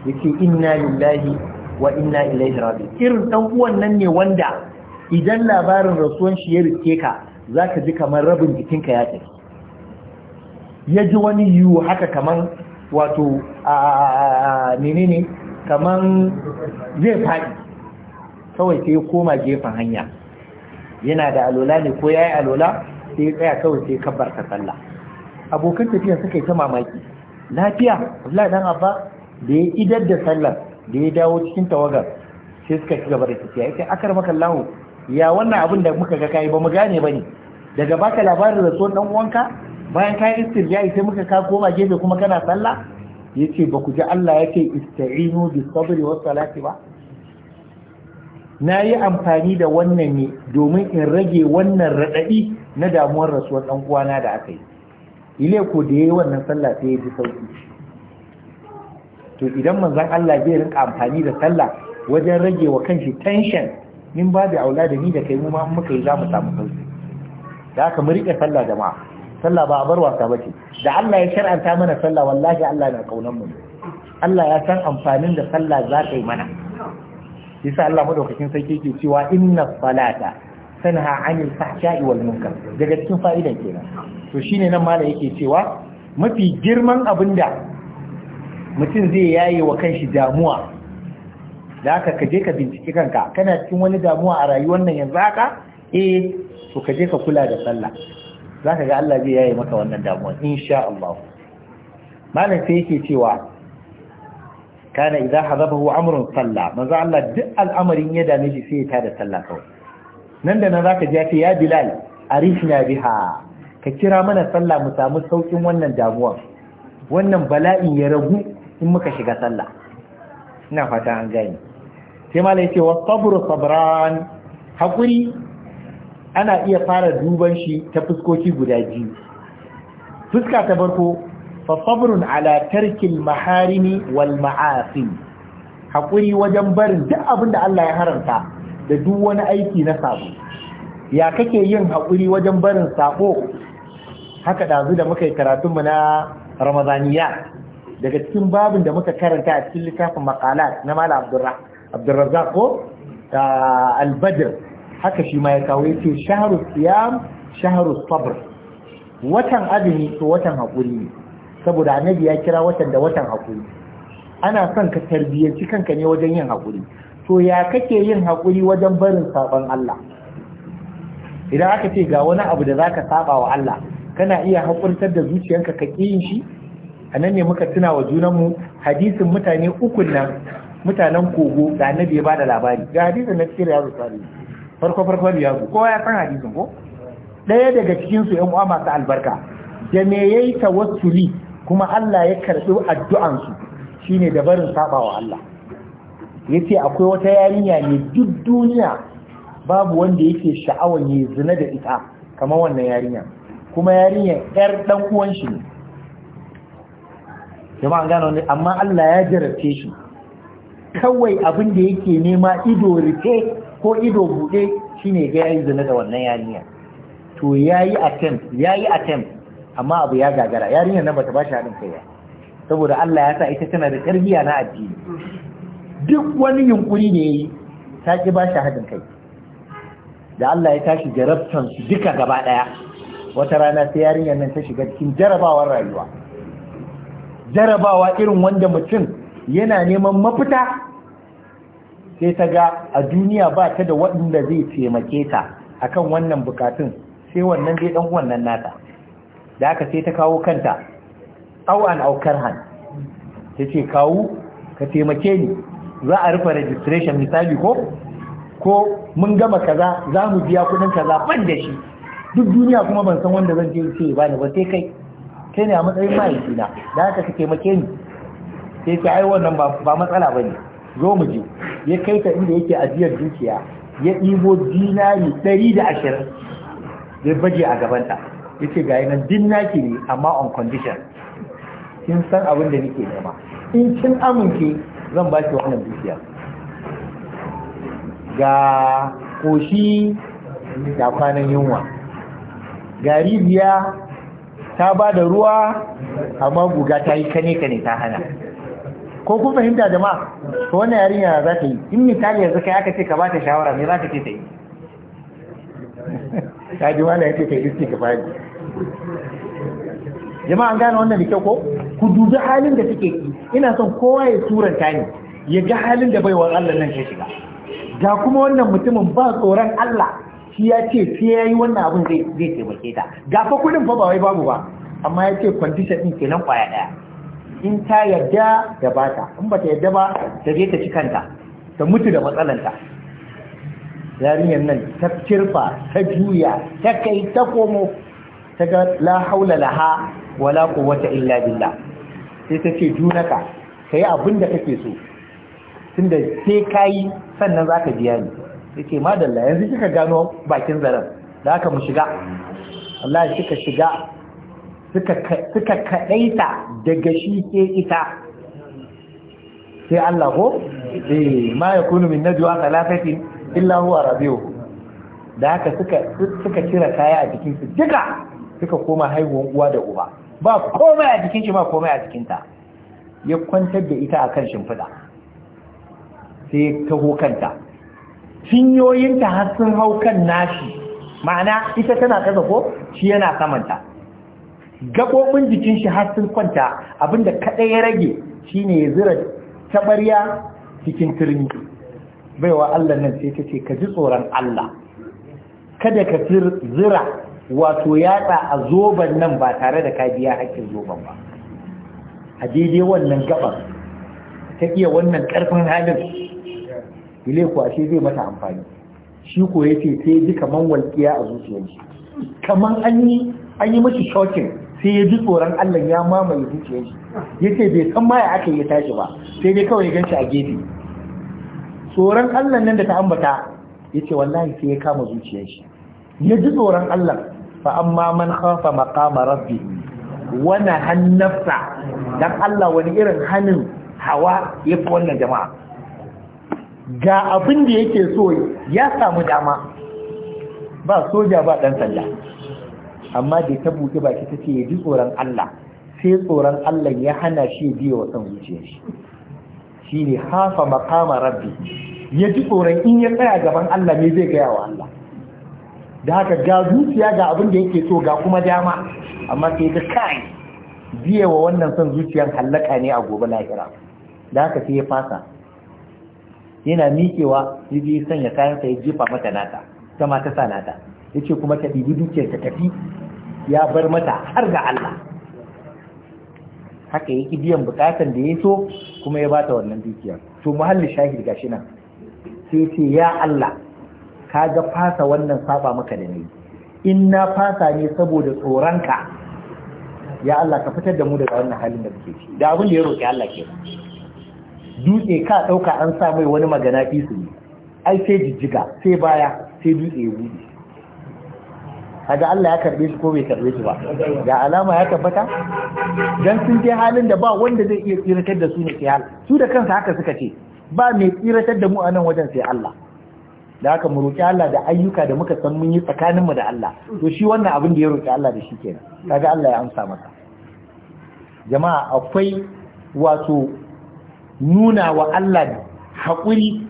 yace inna lillahi wa inna ilaihi raji'un irin dan uwan nan ne wanda idan labarin rasuwan shi ya riske ka zaka ji kamar rabin jikinka ya tafi ya ji wani yiwu haka kaman wato a menene kaman zai faɗi kawai sai ya koma gefen hanya yana da alola ne ko ya yi alola sai ya tsaya kawai sai kabbar barka sallah abokan tafiya suka yi ta mamaki lafiya Abdullahi dan Abba da ya idar da sallar da ya dawo cikin tawagar sai suka ci gaba da tafiya yake akar maka lahu ya wannan abin da muka ga kai ba mu gane ne? daga baka labarin da son dan uwanka bayan ka istirja'i sai muka ka koma gefe kuma kana sallah yace ba ku ji Allah yake istaeenu bi sabri was salati ba na yi amfani da wannan ne domin in rage wannan raɗaɗi na damuwar rasuwar ɗan uwana da aka yi ile ko da yayi wannan sallah sai ya ji sauki to idan manzon Allah bai rinka amfani da sallah wajen rage wa kanshi tension min babu aula da ni da kai mu ma muka yi zamu samu sauki da aka mu rike sallah jama'a sallah ba a bar wasa ce. da Allah ya shar'anta mana sallah wallahi Allah na kaunan mu Allah ya san amfanin da sallah za ta yi mana yasa Allah madaukakin sarki ke cewa inna salata tanha anil fahsha'i wal munkar daga cikin fa'idan kenan to shine nan mala yake cewa mafi girman abinda mutum zai yaye wa kanshi damuwa da haka ka je ka bincike kanka kana cikin wani damuwa a rayuwar nan yanzu haka eh to kaje ka kula da sallah zaka ga Allah zai yaye maka wannan damuwa insha Allah malam sai yake cewa kana idan hadabahu amrun sallah manzo Allah duk al'amarin ya dame shi sai ya tada sallah kawai nan da nan zaka ji ya ya bilal arifna biha ka kira mana sallah mu samu saukin wannan damuwa wannan bala'in ya ragu in muka shiga sallah ina fata an gani sai malai yace wa sabru sabran hakuri ana iya fara duban shi ta fuskoki guda biyu fuska ta barko fa sabrun ala tarkil maharimi wal ma'asi hakuri wajen barin duk abin da Allah ya haramta da duk wani aiki na sabo ya kake yin haƙuri wajen barin sabo haka ɗazu da muka yi karatunmu na ramazaniya daga cikin babin da muka karanta a cikin littafin makalat na mala abdurrazzaq ko albadr haka shi ma ya kawo ya ce Shaharus siyam Shaharus sabr watan azumi to watan haƙuri ne saboda annabi ya kira watan da watan haƙuri ana son ka tarbiyyanci kanka ne wajen yin haƙuri to ya kake yin haƙuri wajen barin sabon Allah idan aka ce ga wani abu da za ka saba wa Allah kana iya haƙurtar da zuciyanka ka ƙi yin shi a nan ne muka tuna wa junanmu hadisin mutane uku nan mutanen kogo da annabi ya bada labari ga hadisin na cikin riyazu salihu farko farko riyazu kowa ya san hadisin ko ɗaya daga cikin su ƴan uwa masu albarka da me yayi tawassuli kuma Allah ya karɓi addu'ansu shine da barin saba wa Allah Ya ce akwai wata yarinya ne duk duniya babu wanda yake sha'awar ya zina da ita kamar wannan yarinya kuma yarinya yar dan uwan shi ne an gano ne amma Allah ya jarabce shi kawai abin da yake nema ido rike ko ido bude shine ga yayi zina da wannan yarinya to yayi attempt yayi attempt amma abu ya gagara yarinya nan bata ba shi kai ba saboda Allah ya sa ita tana da tarbiya na addini duk wani yunkuri ne yi ta ƙi ba shi haɗin kai da Allah ya tashi jarabtan su duka gaba ɗaya wata rana sai yarinyar nan ta shiga cikin jarabawar rayuwa jarabawa irin wanda mutum yana neman mafita sai ta ga a duniya ba ta da waɗanda zai taimake ta akan wannan bukatun sai wannan zai ɗan wannan nata da aka sai ta kawo kanta au an aukar han ta ce kawo ka taimake ni za a rufe registration misali ko ko mun gama kaza za mu biya kudin kaza ban da shi duk duniya kuma ban san wanda zan je ce ba ne ba sai kai kai ne a matsayin mahaifina da haka ka taimake ni sai ce ai wannan ba matsala ba ne zo mu je ya kai ta inda yake ajiyar dukiya ya ɗibo dinari ɗari da ashirin ya baje a gabanta ya ce ga yanar dinnaki ne amma on condition kin san abin da nake nema in kin amince zan ba shi wannan dukiya ga koshi da kwanan yunwa ga rijiya ta ba da ruwa amma guga ta yi kane kane ta hana ko kun fahimta jama'a to wannan yarinya za ta yi in misali yanzu kai aka ce ka ba ta shawara me za ta ce ta yi [LAUGHS] ta ji wala ya ce ta yi ka fadi jama'a gane wannan da kyau ko ku dubi halin da suke ki ina son kowa ya suranta ni ya ga halin da baiwar Allah nan ta shiga ga kuma wannan mutumin ba tsoron Allah shi ya ce sai yi wannan abin zai zai taimake ta ga fa kudin fa ba wai babu ba amma ya ce condition din kenan kwaya daya in ta yarda da bata in bata yarda ba ta je ta ci kanta ta mutu da matsalanta yarinyar nan ta kirfa ta juya ta kai ta komo ta ga la haula laha wala wata illa billah sai ta ce junaka kai abin da kake so tunda sai kai sannan zaka biya ni yace madalla yanzu kika gano bakin zaran da aka mu shiga Allah kika shiga suka suka kadaita daga shi ke ita sai Allah ko eh ma yakunu min najwa thalathatin illa huwa rabiu da haka suka suka kira kaya a jikin su duka suka koma haihuwan uwa da uba ba komai a jikin shi ba komai a jikinta ya kwantar da ita akan shimfiɗa sai ta taho kanta cinyoyinta har sun hau kan nashi ma'ana ita tana ƙasa ko shi yana samanta gaɓoɓin jikin shi har sun kwanta abinda kaɗai ya rage shine ya zira taɓarya cikin turmi baiwa Allah nan sai ta ce ka ji tsoron Allah kada ka zira wato yatsa a zoban nan ba tare da ka biya hakkin zoban ba a daidai wannan gaban ta iya wannan karfin halin ile ku ashe zai mata amfani shi ko ce sai ji kaman walƙiya a zuciyar shi kaman an yi an yi mashi shokin sai ya ji tsoron Allah ya mamaye zuciyar shi ce bai san ma aka yi tashi ba sai dai kawai shi a gefe tsoron Allah nan da ta ambata ce wallahi sai ya kama zuciyar shi ya ji tsoron Allah fa amma man khafa maqama rabbi wana hannafsa dan Allah wani irin hanin hawa yafi wannan jama'a ga abin da yake so ya samu dama ba soja ba dan sanda amma da ta buke baki ta ce ya ji tsoron Allah sai tsoron Allah ya hana shi biya wa san zuciyar shi shi hafa makama rabbi ya ji tsoron in ya tsaya gaban Allah ne zai gaya wa Allah da haka ga zuciya ga abin da yake so ga kuma dama amma sai ga kai biye wa wannan son zuciyar hallaka ne a gobe lahira da haka sai ya fasa yana miƙewa yaje sanya kayansa ya jefa mata nata ta ma ta sa nata yace kuma ta ɗibi dukiyar ta tafi ya bar mata har ga Allah haka yake biyan bukatun da ya so kuma ya bata wannan dukiyar to muhalli shahid gashi nan sai ce ya Allah kaga fasa wannan saba maka da ni in na fasa ne saboda tsoronka ya Allah ka fitar da mu daga wannan halin da kake da abin da ya roƙi Allah ke dutse ka ɗauka an sa mai wani magana fisu ne ai sai jijjiga sai baya sai dutse ya buɗe kaga Allah ya karbe shi ko bai karbe shi ba ga alama ya tabbata dan sun je halin da ba wanda zai iya tsiratar da su ne sai su da kansa haka suka ce ba mai tsiratar da mu a nan wajen sai Allah da haka mu roƙi Allah da ayyuka da muka san mun yi tsakaninmu da Allah to shi wannan abin da ya roƙi Allah da shi kenan kaga Allah ya amsa masa jama'a akwai wato nuna wa Allah haƙuri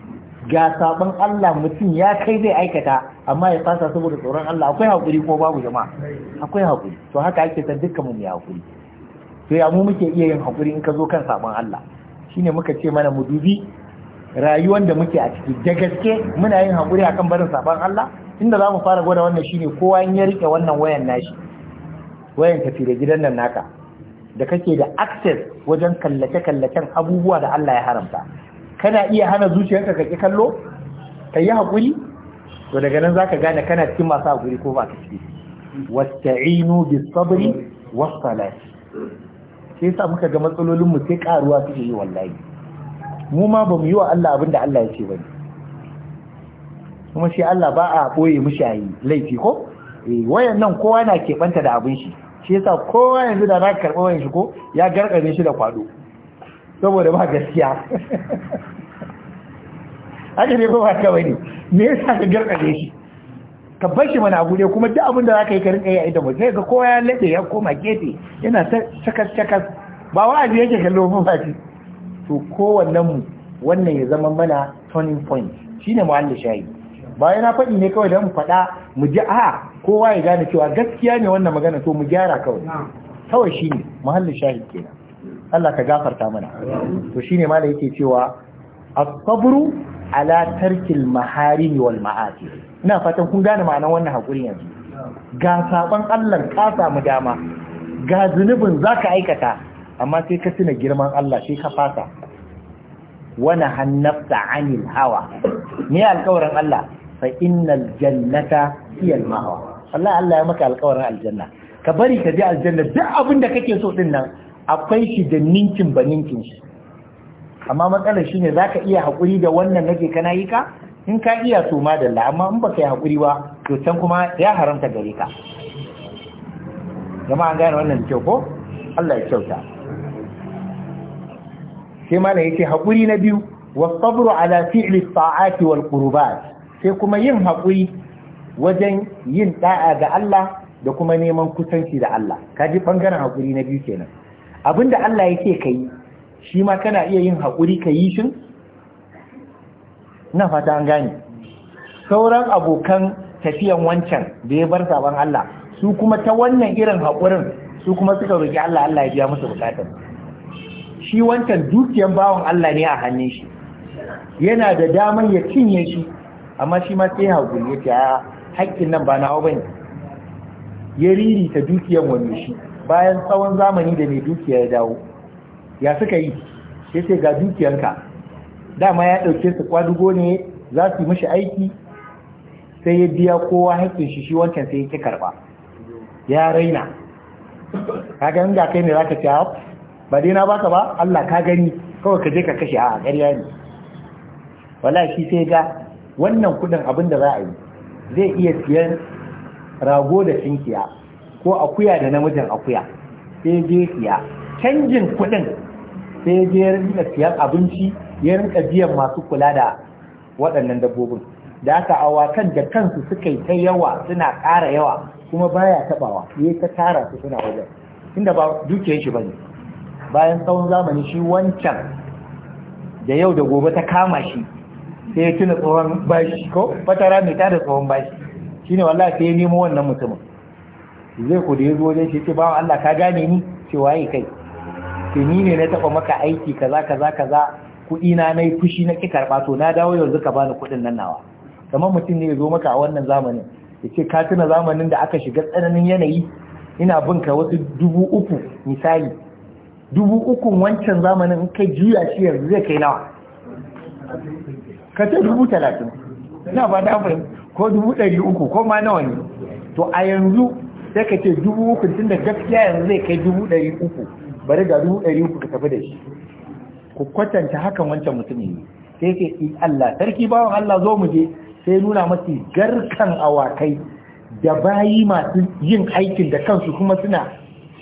ga sabon Allah mutum ya kai zai aikata amma ya fasa saboda tsoron Allah akwai hakuri ko babu jama'a akwai haƙuri to haka ake san dukkan mu ya hakuri to ya mu muke iya yin hakuri in ka zo kan sabon Allah shine muka ce mana mu dubi rayuwar da muke a ciki da gaske muna yin hakuri akan barin saban Allah inda zamu fara gwada wannan shine kowa in ya rike wannan wayan nashi wayan tafi da gidan nan naka da kake da access wajen kallace-kallacen abubuwa da Allah ya haramta kana iya hana zuciyarka ka ki kallo ka yi haƙuri to daga nan zaka gane kana cikin masu haƙuri ko ba ka ciki wasta'inu bis sabri was salat sai sa muka ga matsalolin mu sai karuwa suke yi wallahi mu ma ba mu yi wa Allah abin da Allah ya ce ba kuma shi Allah ba a ɓoye mushayi laifi ko eh, wayan nan kowa na keɓanta da abin shi shi yasa kowa yanzu da za ka karɓi wayan shi ko ya garkame shi da kwado saboda ba gaskiya [LAUGHS] haka ne ba ka bane me yasa ka garkame shi ka bar shi mana abu ne kuma duk abin da za ka yi ka rinka yi a idan mutum sai ga kowa ya laɗe ya koma gefe yana sakas sakas ba wa'azi yake kallo ba shi to kowannen mu wannan ya zama mana turning point shine mu'allil shayi bayan na faɗi ne kawai don mu faɗa mu ji a kowa ya gane cewa gaskiya ne wannan magana to mu gyara kawai kawai shine muhallin shahid kenan Allah ka gafarta mana to shine ma da yake cewa as Alatarkin ala tarkil maharim wal ina fatan kun gane ma'anar wannan hakuri yanzu ga saban Allah ka samu dama ga zunubin zaka aikata amma sai ka tuna girman Allah sai ka fasa wani hannafta anil hawa ne alkawarin Allah fa innal jannata hiyal mahawa Allah Allah ya maka alkawarin aljanna ka bari ka je aljanna duk abin da kake so din nan akwai shi da ninkin ba ninkin shi amma matsalar shi ne zaka iya haƙuri da wannan nake kana yi ka in ka iya suma ma da amma in baka yi haƙuri ba to can kuma ya haramta gare ka jama'a gane wannan kyau ko Allah ya kyauta sai malam yake haƙuri na biyu wasabru ala fi'li sa'ati wal qurbat sai kuma yin haƙuri wajen yin da'a ga Allah da kuma neman kusanci da Allah kaji bangaren haƙuri na biyu kenan abinda Allah yake kai shi ma kana iya yin haƙuri ka yi shin na fata an gane sauran abokan tafiyan wancan da ya bar saban Allah su kuma ta wannan irin haƙurin su kuma suka roƙi Allah Allah ya biya musu buƙatar? shi wancan dukiyan bawan Allah ne a hannun shi yana da damar ya cinye shi amma shi ma sai haƙuri ya ce haƙƙin nan ba nawa bane ya ririta dukiyan wani shi bayan tsawon zamani da mai dukiya ya dawo ya suka yi sai sai ga dukiyanka dama ya ɗauke su kwadugo ne za su yi mashi aiki sai ya biya kowa haƙƙin shi shi wancan sai ya ƙi karɓa ya raina kaga inda kai ne za ka ce ba dai na baka ba Allah ka gani kawai ka je ka kashe a ƙarya ne wallahi shi sai ga wannan kudin abin da za a yi zai iya siyan rago da shinkiya ko akuya da namijin akuya sai je siya canjin kudin sai je rinka siyan abinci ya rinka biyan masu kula da waɗannan dabbobin da aka awakan da kansu suka yi ta yawa suna ƙara yawa kuma baya tabawa ya ta tara su suna wajen inda ba dukiyar shi ba ne. bayan tsawon zamani shi wancan da yau da gobe ta kama shi sai ya tuna tsohon bashi ko fatara mai tada tsohon bashi Shi ne wallahi sai ya nemo wannan mutumin zai ku da ya zo wajen shi ce bawan Allah ka gane ni ce waye kai ce ni ne na taba maka aiki kaza kaza kaza kuɗi na yi fushi na ki karba to na dawo yanzu ka bani kuɗin nan nawa kamar mutum ne ya zo maka a wannan zamanin ya ce ka tuna zamanin da aka shiga tsananin yanayi ina bin ka wasu dubu uku misali dubu ukun wancan zamanin in kai juya shi yanzu zai kai nawa ka ce dubu talatin na ba da fahim ko dubu ɗari uku ko ma nawa ne to a yanzu sai ka ce dubu uku tun da gaskiya yanzu zai kai dubu ɗari uku bari ga dubu ɗari uku ka tafi da shi ku kwatanta hakan wancan mutumin ne sai ke yi Allah sarki bawan Allah zo mu je sai nuna masu garkan awakai da bayi masu yin aikin da kansu kuma suna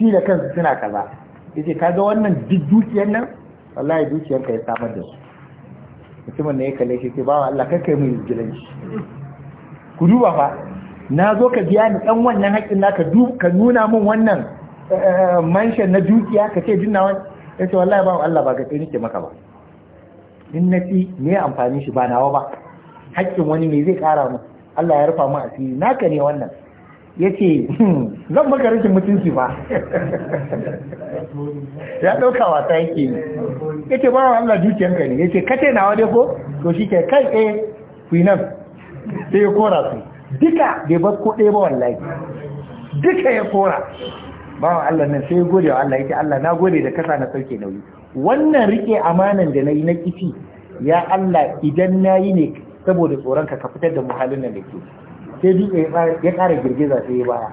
shi da kansu suna kaza yace kaga wannan duk dukiyar nan wallahi dukiyar ka ya samar da su mutumin ne ya kalle shi ce bawa Allah kai kai mu gidan shi ku duba fa na zo ka biya ni dan wannan haƙin naka ka nuna min wannan eh, manshan na dukiya ka ce dinna wani ce wallahi bawa Allah ba ka kai nake maka ba in na ci me amfani shi ba nawa ba haƙƙin wani me zai ƙara mu Allah ya rufa mu asiri naka ne wannan ya ce hmm, zan maka rikin mutunci ba ya ɗauka wasa yake yi ya ce ba wa Allah dukiyanka ne ya ce kace nawa dai ko to shi ke kai ɗaya eh, ku yi nan sai ya kora su duka bai bar ko ɗaya ba wallahi duka ya kora ba wa Allah nan sai ya gode wa Allah ce Allah na gode da kasa na sauke nauyi wannan rike amanan da na yi na kifi ya Allah idan na yi ne saboda tsoron ka ka fitar da muhallin nan da ke sai dutse ya kara girgiza sai ya baya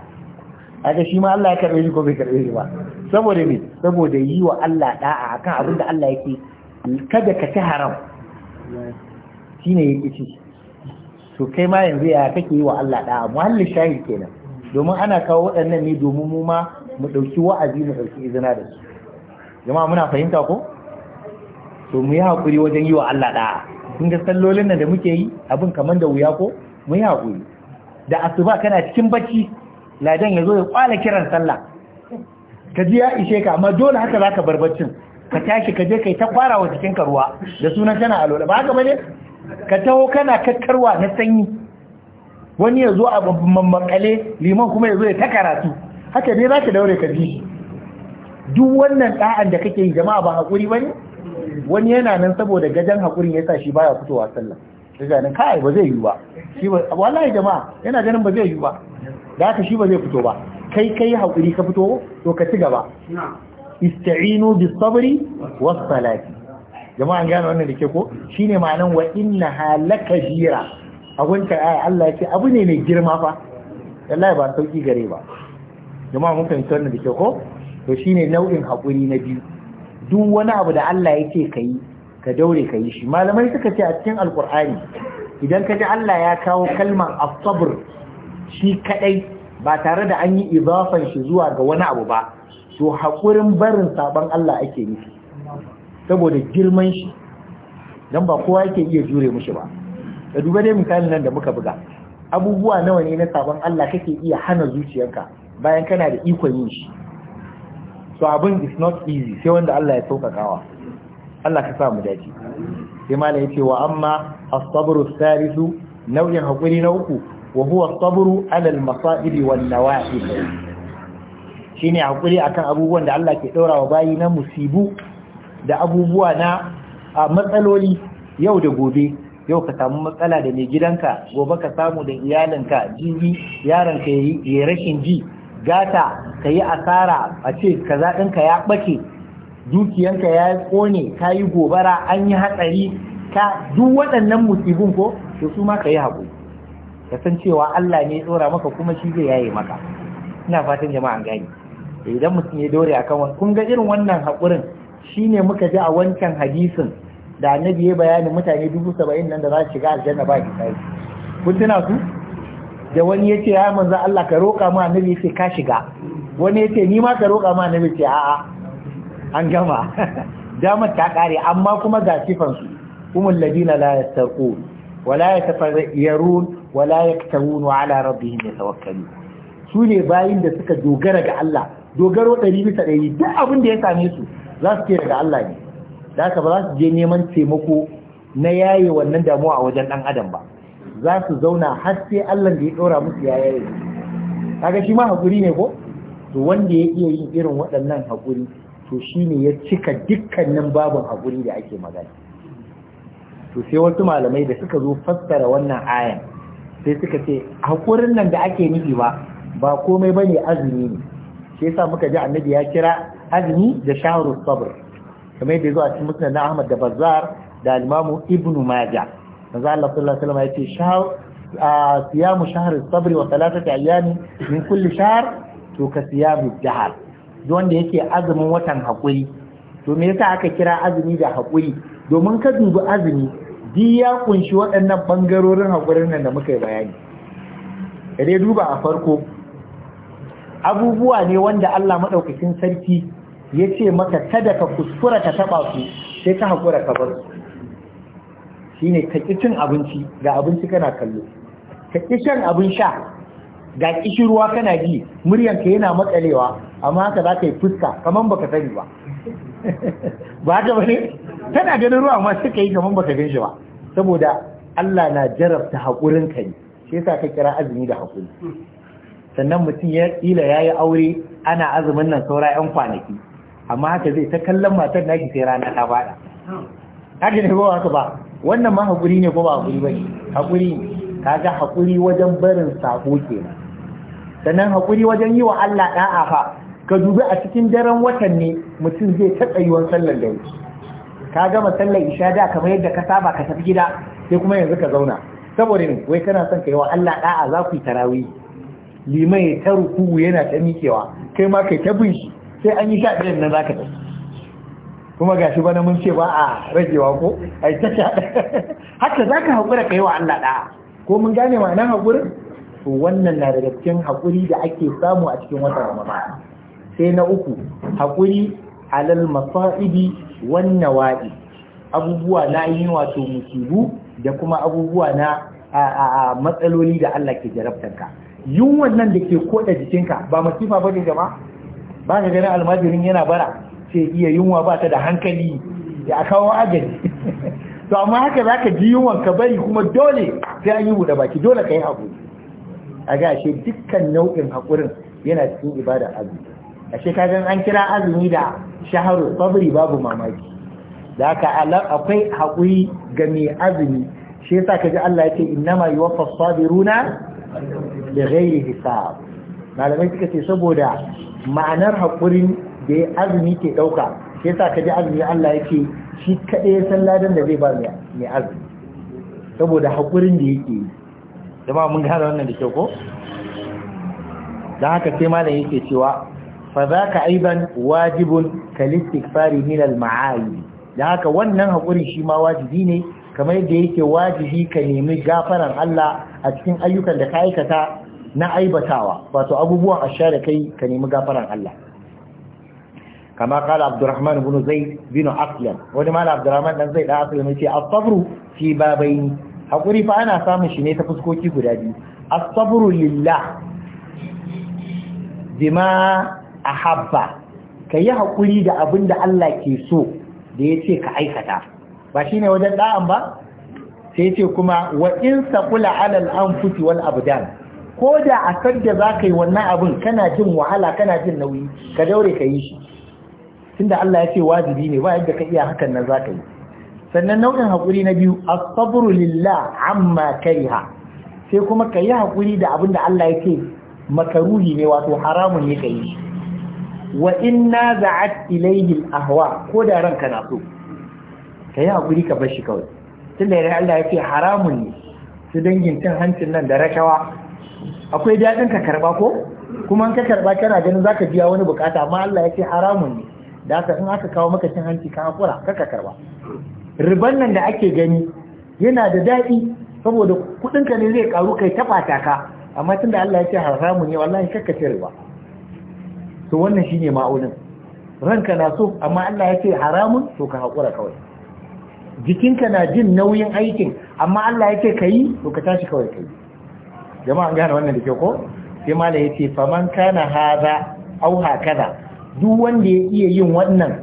aka shi ma Allah ya karbe shi ko bai karbe shi ba saboda me saboda yi wa Allah da'a akan abin da Allah yake kada ka ci haram shine yake ci to kai ma yanzu ya kake yi wa Allah da'a muhallin shahid kenan domin ana kawo waɗannan ne domin mu ma mu ɗauki wa'azi mu ɗauki izina da su jama'a muna fahimta ko to mu yi haƙuri wajen yi wa Allah da'a kun ga sallolin nan da muke yi abin kamar da wuya ko mu yi haƙuri da asuba kana cikin bacci ladan ya zo ya kwala kiran sallah ka ji ya ishe ka amma dole haka zaka bar baccin ka tashi ka je kai ta kwara wa cikin karuwa da sunan kana alola ba haka bane ka taho kana kakkarwa na sanyi wani ya zo a mamakale liman kuma ya zo ya ta karatu haka ne za ka daure ka ji duk wannan ɗa'an da kake yi jama'a ba hakuri ba ne wani yana nan saboda gajen haƙurin ya sa shi baya fitowa sallah ya kai ba zai yi ba shi ba wallahi jama'a yana ganin ba zai yi ba da haka shi ba zai fito ba kai kai haƙuri ka fito to ka ci gaba ista'inu bis sabri was salati jama'a an gane wannan da ke ko shine ma'anan wa inna halaka jira a gunta ai Allah yake abu ne mai girma fa wallahi ba sauki gare ba jama'a mun fahimci wannan da ke ko to shine nau'in haƙuri na biyu duk wani abu da Allah yake kai ka daure ka yi shi malamai suka ce a cikin alkur'ani idan ka ji Allah ya kawo kalmar as-sabr shi kadai ba tare da an yi idafan shi zuwa ga wani abu ba to hakurin barin saban Allah ake nufi saboda girman shi dan ba kowa yake iya jure mushi ba da duba dai misalin nan da muka buga abubuwa nawa ne na saban Allah kake iya hana zuciyarka bayan kana da ikon yin shi so abun is not easy sai wanda Allah ya kawa. Allah ka sa mu dace sai mala yace wa amma as-sabru salisu nau'in hakuri na uku wa huwa as-sabru ala al-masa'ib wal nawa'ib shine hakuri akan abubuwan da Allah ke daura wa bayi na musibu da abubuwa na A matsaloli yau da gobe yau ka samu matsala da mai gidanka gobe ka samu da iyalinka jibi yaranka ya yi rashin ji gata ka asara a ce kaza ɗinka ya ɓace dukiyarka ya kone ka yi gobara an yi hatsari ka duk waɗannan musibin ko to su ma ka yi haƙuri ka san cewa Allah ne ya tsora maka kuma shi zai yaye maka ina fatan jama'a gani eh, idan mutum ya dore akan wannan kun ga irin wannan haƙurin shine muka ji a wancan hadisin da annabi ya bayani mutane dubu saba'in nan da za su shiga aljanna ba sai kun tuna su da wani ya ce ya manzo Allah ka roƙa mu annabi ya ce ka shiga wani ya ce ni ma ka roƙa mu annabi ce a'a an gama [LAUGHS] damar ta kare amma kuma ga sifansu humul ladina la yattaqun wala yatafayyarun wala yaktawun ala rabbihim yatawakkalun su ne bayin da suka dogara ga Allah dogaro 100 bisa 100 duk abin da ya same su za su ke daga Allah ne da haka ba za su je neman taimako na yaye wannan damuwa a wajen ɗan adam ba za su zauna har sai Allah da ya dora musu ya yaye kaga shi ma hakuri ne ko to wanda ya iya yin irin waɗannan hakuri to shine ya cika dukkanin babin haƙuri da ake magana to sai wasu malamai da suka zo fassara wannan ayan sai suka ce haƙurin nan da ake nufi ba ba komai ne azumi ne shi yasa muka ji annabi ya kira azumi da shahrus sabr kamar yadda zuwa cikin musnad Ahmad da Bazzar da Imam Ibn Majah manzo Allah sallallahu alaihi wasallam ya ce shahr siyamu shahrus sabr wa thalathati ayami min kulli shahr to ka siyamu dahar wanda yake azumin watan hakuri, to me yasa aka kira azumi da hakuri domin ka dubi azumi duk ya kunshi waɗannan ɓangarorin haƙurin nan da muka yi bayani da dai duba a farko abubuwa ne wanda Allah maɗaukakin sarki ya ce maka kada ka kuskura ka taɓa su sai ka haƙura ka bar su shine ka ƙi abinci ga abinci kana kallo ka ƙi abin sha ga ruwa kana ji muryanka yana makalewa amma haka za ka yi fuska kaman baka sani ba [LAUGHS] ba haka bane tana ganin ruwa amma suka yi kamar baka gan shi ba saboda Allah na jarabta haƙurin ka ne shi yasa ka kira azumi da haƙuri sannan mutum ya ya yayi aure ana azumin nan saura yan kwanaki amma haka zai ta kallon matar naki sai rana ta bada haka ne ba haka ba wannan ma haƙuri ne ko ba haƙuri ba ne haƙuri ne kaga haƙuri wajen barin sako kenan sannan hakuri wajen yi wa Allah ɗa'a fa ka dubi a cikin daren watan ne mutum zai ta tsayuwar sallar dare ka gama sallar isha da kamar yadda ka saba ka tafi gida sai kuma yanzu ka zauna saboda ne wai kana son ka yi wa Allah ɗa'a za ku yi tarawih liman ya ta ruku yana ta miƙewa kai ma kai ta bin shi sai an yi sha ɗayan nan za ka tafi kuma ga shi bana mun ce ba a ragewa ko a yi ta [LAUGHS] haka za ka haƙura ka yi wa Allah ɗa'a ko mun gane ma nan haƙurin to wannan na daga cikin haƙuri da ake samu a cikin watan ramadan sai na uku haƙuri alal masa'idi wan nawa'i abubuwa na yin wato musibu da kuma abubuwa na matsaloli da Allah ke jarabtanka yin wannan da ke koda jikinka ba masifa ba ne ba ba ka ganin almajirin yana bara sai iya yunwa ba ta da hankali da a kawo agaji [LAUGHS] to amma haka zaka ji yunwan ka bari kuma dole sai an yi buɗe baki dole ka yi haƙuri a ga ashe dukkan nau'in haƙurin yana cikin ibada azumi ashe kagan an kira azumi da shaharu sabri babu mamaki da haka akwai haƙuri ga mai azumi shi yasa kaji Allah yake ma yuwaffa sabiruna bi ghairi hisab malamai suka ce saboda ma'anar haƙurin da azumi ke ɗauka shi yasa kaji azumi Allah yake shi kaɗai ya san ladan da zai ba mai azumi saboda haƙurin da yake yi zama mun gane wannan da kyau ko Da haka sai malami yake cewa fa ka aiban wajibun kal istighfari min al ma'ali haka wannan hakuri shi ma wajibi ne kamar yadda yake wajibi ka nemi gafaran Allah a cikin ayyukan da ka aikata na aibatawa wato abubuwan da kai ka nemi gafaran Allah kama kala Abdurrahman ibn Zaid bin Aqlan wani mala Abdurrahman dan Zaid da Aqlan yace as-sabru fi babaini haƙuri fa ana samun shi ne ta fuskoki guda biyu as-sabru lillah bima ahabba kayi haƙuri da abin da Allah ke so da yace ka aikata ba shine wajen da'an ba sai ce kuma wa in saqula 'ala al-anfusi wal abdan ko da a sadda ka yi wannan abin kana jin wahala kana jin nauyi ka daure ka yi shi tunda Allah ya ce wajibi ne ba yadda ka iya hakan nan zaka yi sannan nau'in haƙuri na biyu a sabru lillah amma kariha sai kuma ka yi haƙuri da abin da Allah ce makaruhi ne wato haramun ne kai wa inna za'at ilayhil ahwa ko da ranka na so yi haƙuri ka bar shi kawai tunda da Allah ya ce haramun ne su dangin cin hancin nan da rashawa akwai daɗin ka karba ko kuma in ka karba kana ganin zaka biya wani bukata amma Allah ya ce haramun ne da haka in aka kawo maka cin hanci ka hakura kaka karba riban nan da ake gani yana da daɗi saboda kuɗinka ne zai karu kai taɓata ka amma tun da Allah ya ce haramu ne wallahi kakka ce riba to wannan shine ma'aunin ranka na so amma Allah ya ce haramun to ka haƙura kawai jikinka na jin nauyin aikin amma Allah ya ce ka yi to ka tashi kawai ka jama'a gane wannan da ke ko sai mala ya ce faman kana hada au hakada duk wanda ya iya yin wannan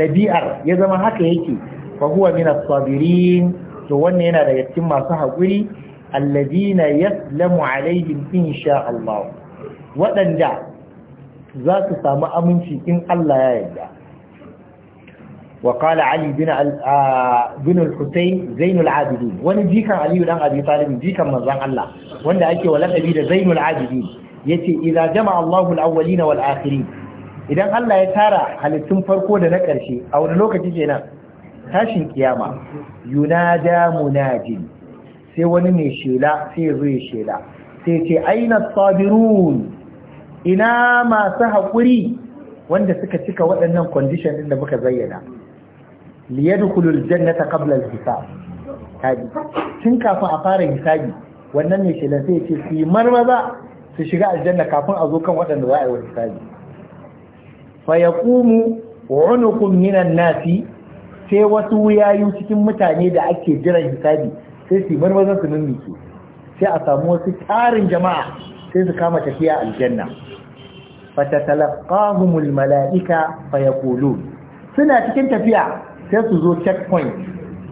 dabi'ar ya zama haka yake fa huwa min to wannan yana da cikin masu haƙuri alladina yaslamu alaihim insha Allah waɗanda za su samu aminci in Allah ya yarda وقال علي بن بن wani jikan Aliyu dan Abi Talib jikan manzon Allah wanda ake walakabi da Zain al-Abidin yace idza jama'a na al-awwalin idan Allah ya tara halittun farko da na ƙarshe a wani lokaci kenan tashin kiyama yunada munadin sai wani mai shela sai zo ya shela sai ce aina sabirun ina masu haƙuri wanda suka cika waɗannan kwandishan ɗin da muka zayyana liyadkhulul jannata qabla al-hisab kaji tun kafin a fara hisabi wannan mai shelan sai ce su yi marmaza su shiga aljanna kafin a zo kan waɗanda za a yi wa hisabi fa yaqumu unuqun minan nasi sai wasu wuyayu cikin mutane da ake jiran hisabi sai su marmazan su su, sai a samu wasu tarin jama'a sai su kama tafiya aljanna Fata fatatalaqahumul mala'ika kolo. suna cikin tafiya sai su zo checkpoint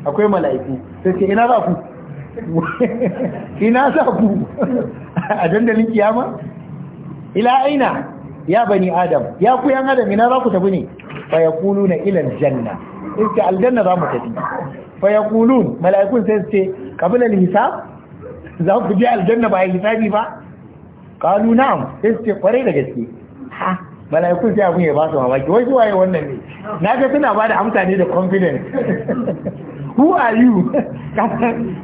akwai mala'iku sai ce ina za ku [LAUGHS] ina za ku [LAUGHS] a dandalin kiyama ila aina ya bani adam ya ku yan adam ina za ku tafi ne fa yaquluna ila aljanna suke aljanna za mu tafi fa yaqulun mala'ikun sai su ce qabla al-hisab za ku je aljanna ba hisabi ba qalu na'am sai su ce kware da gaske ha mala'ikun sai abun ya ba su mamaki wai waye wannan ne Na ga suna ba da amsa ne da confidence [LAUGHS] who are you [LAUGHS]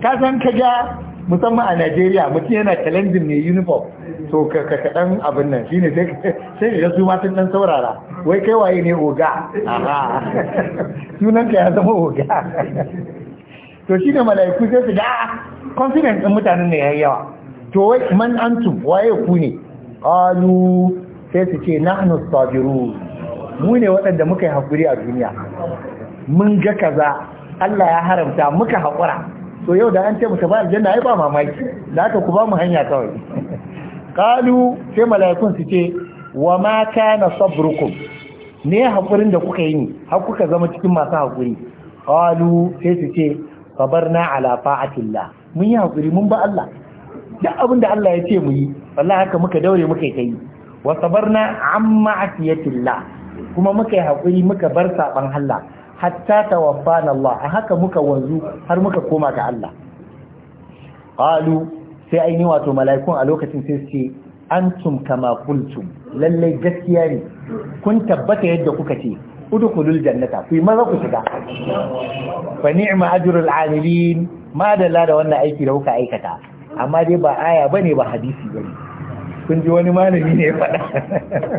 ka san ka ga musamman a Najeriya mutum yana challenging mai uniform to ka kaɗan abin nan shine sai ka su tun sun dan saurara wai kai waye ne oga aha sunan ka ya zama oga to shi ne mala'iku sai su ga ah, confidence din mutanen ne yayi yawa to wai man antum waye ku ne qalu sai su ce nahnu sabirun mu ne waɗanda muka yi hakuri a duniya mun ga kaza Allah ya haramta muka haƙura to yau da an ce mutu ba aljanna ai ba mamaki da aka ku ba mu hanya kawai qalu sai mala'ikun su ce wa ma kana sabrukum ne hakurin da kuka yi ni har kuka zama cikin masu hakuri qalu sai su ce sabarna ala fa'atillah mun yi hakuri mun ba Allah duk abin da Allah ya ce mu yi wallahi haka muka daure muka yi kai wa sabarna amma asiyatillah kuma muka yi hakuri muka bar saban Allah hatta tawaffana Allah a haka muka wanzu har muka koma ga Allah qalu sai ainihin wato mala'ikun a lokacin sai su ce antum kama kuntum lallai gaskiya ne kun tabbata yadda kuka ce udkhulul jannata ku yi maza ku shiga fa ni'ma ajrul amilin ma da da wannan aiki da kuka aikata amma dai ba aya bane ba hadisi bane kun ji wani malami ne ya faɗa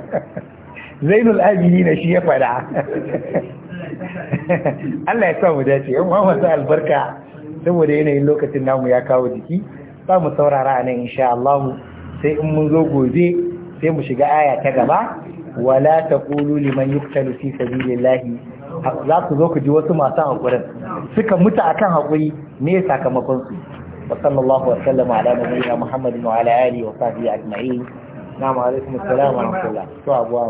[LAUGHS] zainul abidin shi ya faɗa [LAUGHS] [LAUGHS] Allah ya sa mu dace yan masu albarka saboda yanayin lokacin namu ya kawo jiki za mu saurara a nan insha Allah sai in mun zo gobe sai mu shiga aya ta gaba wala taqulu liman yuqtalu fi sabilillahi za ku zo ku ji wasu masu hakurin suka mutu akan hakuri ne sakamakon su wa sallallahu wa sallama ala nabiyina muhammadin wa ala alihi wa sahbihi ajma'in na alaikum wa rahmatullah to abuwa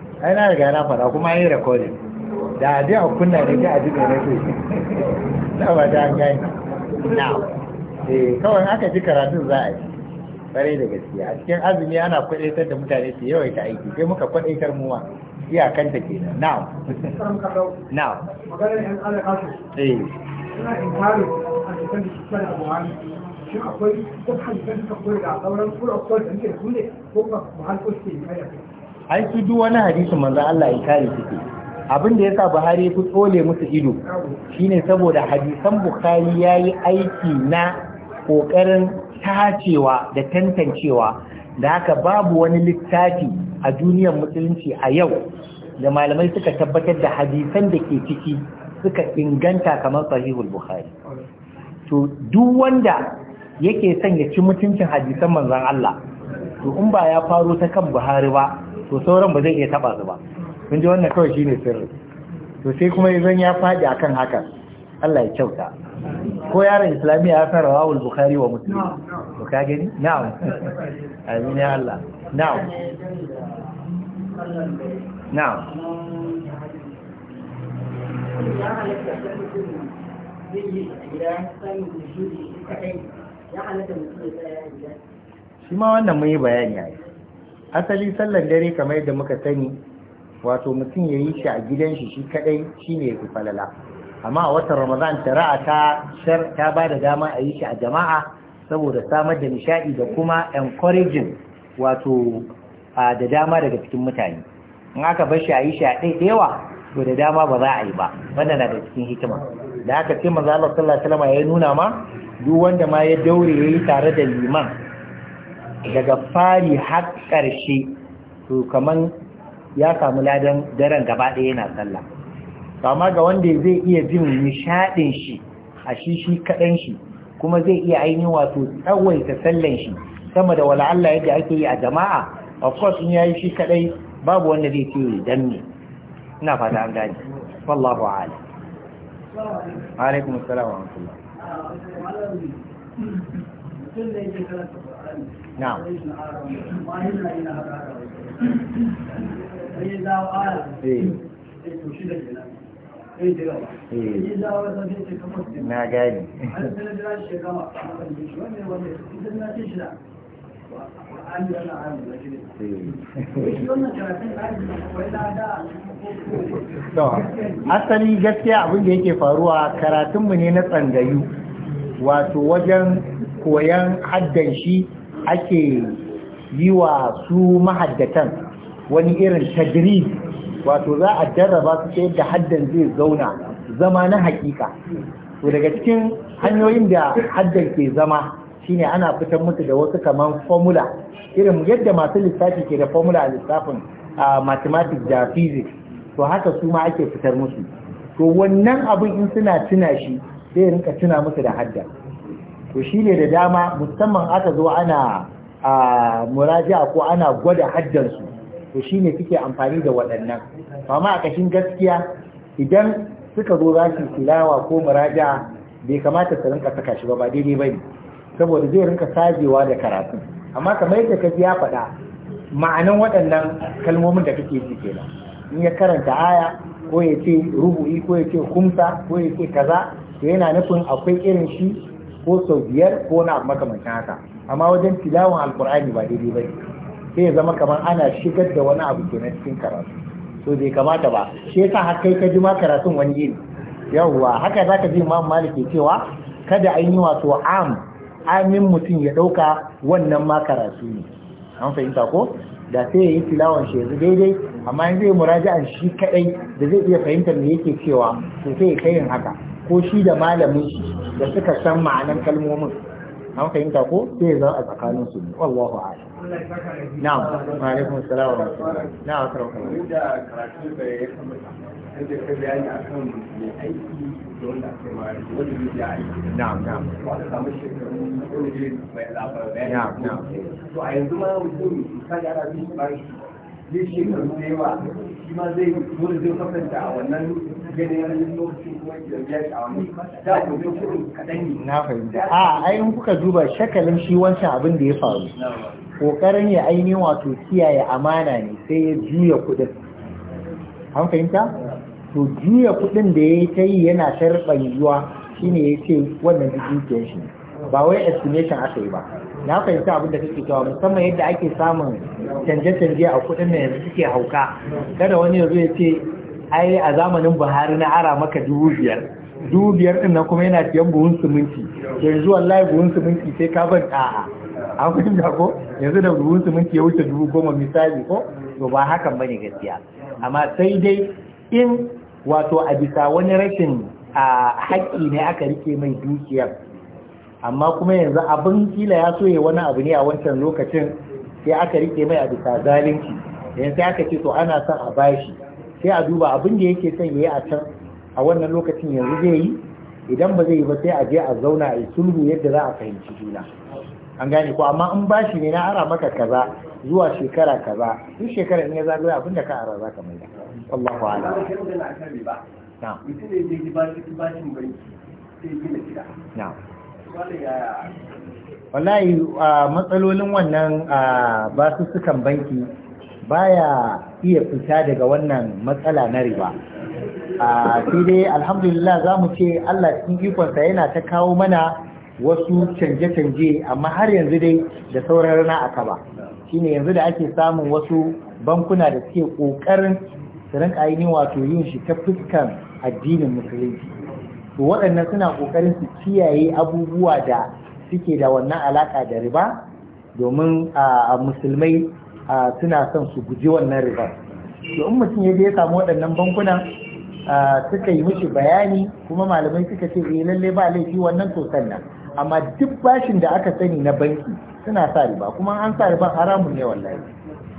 ai na riga na faɗa kuma yi recording da a a kunna da ji a ji da nake na ba ta gani na eh kawai aka ji karatun za a yi kwarai da gaskiya a cikin azumi ana kwadaitar da mutane su yawaita aiki sai muka kwadaitar muwa iyakanta kenan now now eh suna inkarin a cikin da shi shi akwai duk halittar da suka da sauran kura kowai da nake da su ne ko ba su halko suke yi kai ai su duk wani hadisin manzon Allah ya kare suke abin da yasa Buhari ya fi tsole musu ido shine saboda hadisan Bukhari yayi aiki na kokarin tacewa da tantancewa da haka babu wani littafi a duniyar musulunci a yau da malamai suka tabbatar da hadisan da ke ciki suka inganta kamar sahihul bukhari to duk wanda yake son ya ci mutuncin hadisan manzon Allah to in ba ya faro ta kan buhari ba to sauran ba zai iya taba su ba kun ji wannan kawai shine sirri to sai kuma idan ya faɗi akan haka Allah ya kyauta ko yaron islamiyya ya fara rawul bukhari wa muslim to ka gani na'am amin ya Allah na'am na'am shi ma wannan mun yi bayani a yi asali sallar dare kamar yadda muka sani wato mutum ya yi shi a gidan shi shi kadai shi ne fi falala amma a watan ramadan shari'a ta shar ta ba da dama a yi shi a jama'a saboda samar da nishaɗi da kuma encouraging wato da dama daga cikin mutane in aka bar shi a yi shi a ɗai yawa to da dama ba za a yi ba wannan na da cikin hikima da aka ce manzo Allah sallallahu alaihi wasallam ya nuna ma duk wanda ma ya daure yayi tare da liman daga fari har ƙarshe to kaman ya samu ladan daren gaba ɗaya yana sallah amma ga wanda zai iya jin nishaɗin shi a shi shi kaɗan shi kuma zai iya ainihin wato tsawaita sallan shi sama da wala Allah yadda ake yi a jama'a of course in yayi shi kaɗai babu wanda zai ce dan me ina fata an gani wallahu a'lam alaikum wa rahmatullah Eh. to asali gaskiya abin da yake faruwa karatunmu ne na tsangayu wato wajen koyan haddan shi ake yi wa su mahaddatan wani irin tadrib wato za a jarraba su ta yadda haddan zai zauna zama na hakika to daga cikin hanyoyin da haddan ke zama shine ana fitar musu da wasu kaman formula irin yadda masu lissafi ke da formula a lissafin mathematics da physics to haka su ma ake fitar musu to wannan abin in suna tuna shi zai rinka tuna musu da hadda to shi ne da dama musamman aka zo ana a ko ana gwada hajjansu, to shi ne suke amfani da waɗannan amma a ƙashin gaskiya idan suka zo za su tilawa ko muraja bai kamata su rinka saka shi ba ba daidai ba ne saboda zai rinka sajewa da karatu amma kamar yadda ka ya faɗa ma'anan waɗannan kalmomin da kake ji kenan in ya karanta aya ko ya ce rubu'i ko ya ce kumsa ko ya ce kaza to yana nufin akwai irin shi ko sau biyar ko na abu makamancin haka amma wajen tilawan alkur'ani ba daidai ba sai ya zama kamar ana shigar da wani abu ke na cikin karatu so bai kamata ba shi yasa har kai ka ji ma karatun wani yini yawwa haka zaka ji imam malik ke cewa kada an yi wato am amin mutum ya ɗauka wannan ma karatu ne an fahimta ko da sai ya yi tilawan shi yanzu daidai amma in zai muraja'an shi kadai da zai iya fahimtar me yake cewa to sai ya kai yin haka ko shi da malamin shi da suka san ma'anan kalmomin an fahimta ko sai zan a tsakanin su ne wallahu a'lam na'am wa alaikum assalam wa rahmatullahi na'am karatu da ya da ka bayani akan mai aiki da wanda ake mara wanda zai ya aiki na'am na'am ba ta samu shekaru wani mai labar bayani na'am na'am to a yanzu ma mutum misali ana bin shi ba shi zai shekaru da yawa shi ma zai dole zai kasance a wannan na fahimta a ainihin kuka duba shakalin shi wancan abin da ya faru kokarin ya ainihin wato kiyaye amana ne sai ya juya kudin an fahimta to juya kudin da ya ta yi yana sharɓar yiwuwa shine ya ce wannan jikin shi ba wai estimation aka yi ba na fahimta abin da kake cewa musamman yadda ake samun canje-canje a kudin da yanzu suke hauka kada wani ya zo ya ce ai a zamanin buhari na ara maka dubu biyar dubu biyar din nan kuma yana siyan buhun siminti yanzu wallahi buhun siminti sai ka ban A an da ko yanzu da buhun siminti ya wuce dubu goma misali ko to ba hakan bane gaskiya amma sai dai in wato a bisa wani rashin a haƙƙi ne aka rike mai dukiyar amma kuma yanzu abin kila ya soye wani abu ne a wancan lokacin sai aka rike mai a bisa zalunci yanzu sai aka ce to ana son a bashi sai a duba abin da yake son yayi a can a wannan lokacin yanzu zai yi idan ba zai yi ba sai a je a zauna a yi sulhu yadda za a fahimci juna an gane ko amma in bashi ne na ara maka kaza zuwa shekara kaza duk shekara in ya zagaya abin da ka ara za ka maida Allahu na na wallahi matsalolin wannan basussukan banki baya iya fita daga wannan matsala na riba a sai dai alhamdulillah za mu ce Allah cikin ikonsa yana ta kawo mana wasu canje-canje amma har yanzu dai da sauran rana a kaba shine yanzu da ake samun wasu bankuna da suke ƙoƙarin su rinka ainihin wato yin shi ta fuskan addinin musulunci to waɗannan suna ƙoƙarin su kiyaye abubuwa da suke da wannan alaƙa da riba domin a musulmai suna son su guji wannan riba to in mutum ya je ya samu waɗannan bankunan suka yi mishi bayani kuma malamai suka ce eh lalle ba laifi wannan to sannan amma duk bashin da aka sani na banki suna sa riba kuma an sa riba haramun ne wallahi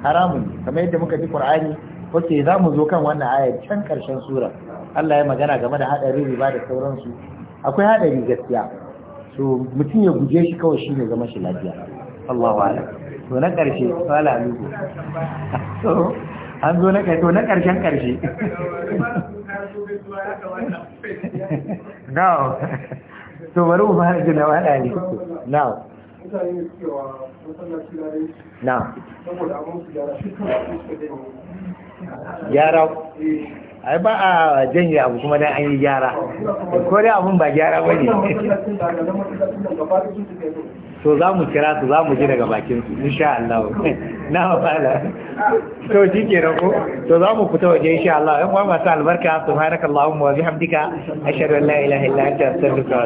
haramun kamar yadda muka ji Qur'ani wace za mu zo kan wannan ayar can karshen sura Allah ya magana game da haɗarin riba da sauransu akwai haɗari gaskiya so mutum ya guje shi kawai shine zama shi lafiya Allahu a'lam to na ƙarshe fala lugu an zo na kai to na ƙarshen ƙarshe now to bari mu fara jina wa da now now gyara ai ba a janye abu kuma dan an yi gyara ko dai abun ba gyara ba ne to za mu kira su za mu ji daga bakin su insha Allah na fara to ji ke ko to za mu fita waje insha Allah in ba masa albarka subhanakallahumma wa bihamdika ashhadu an la ilaha illa anta astaghfiruka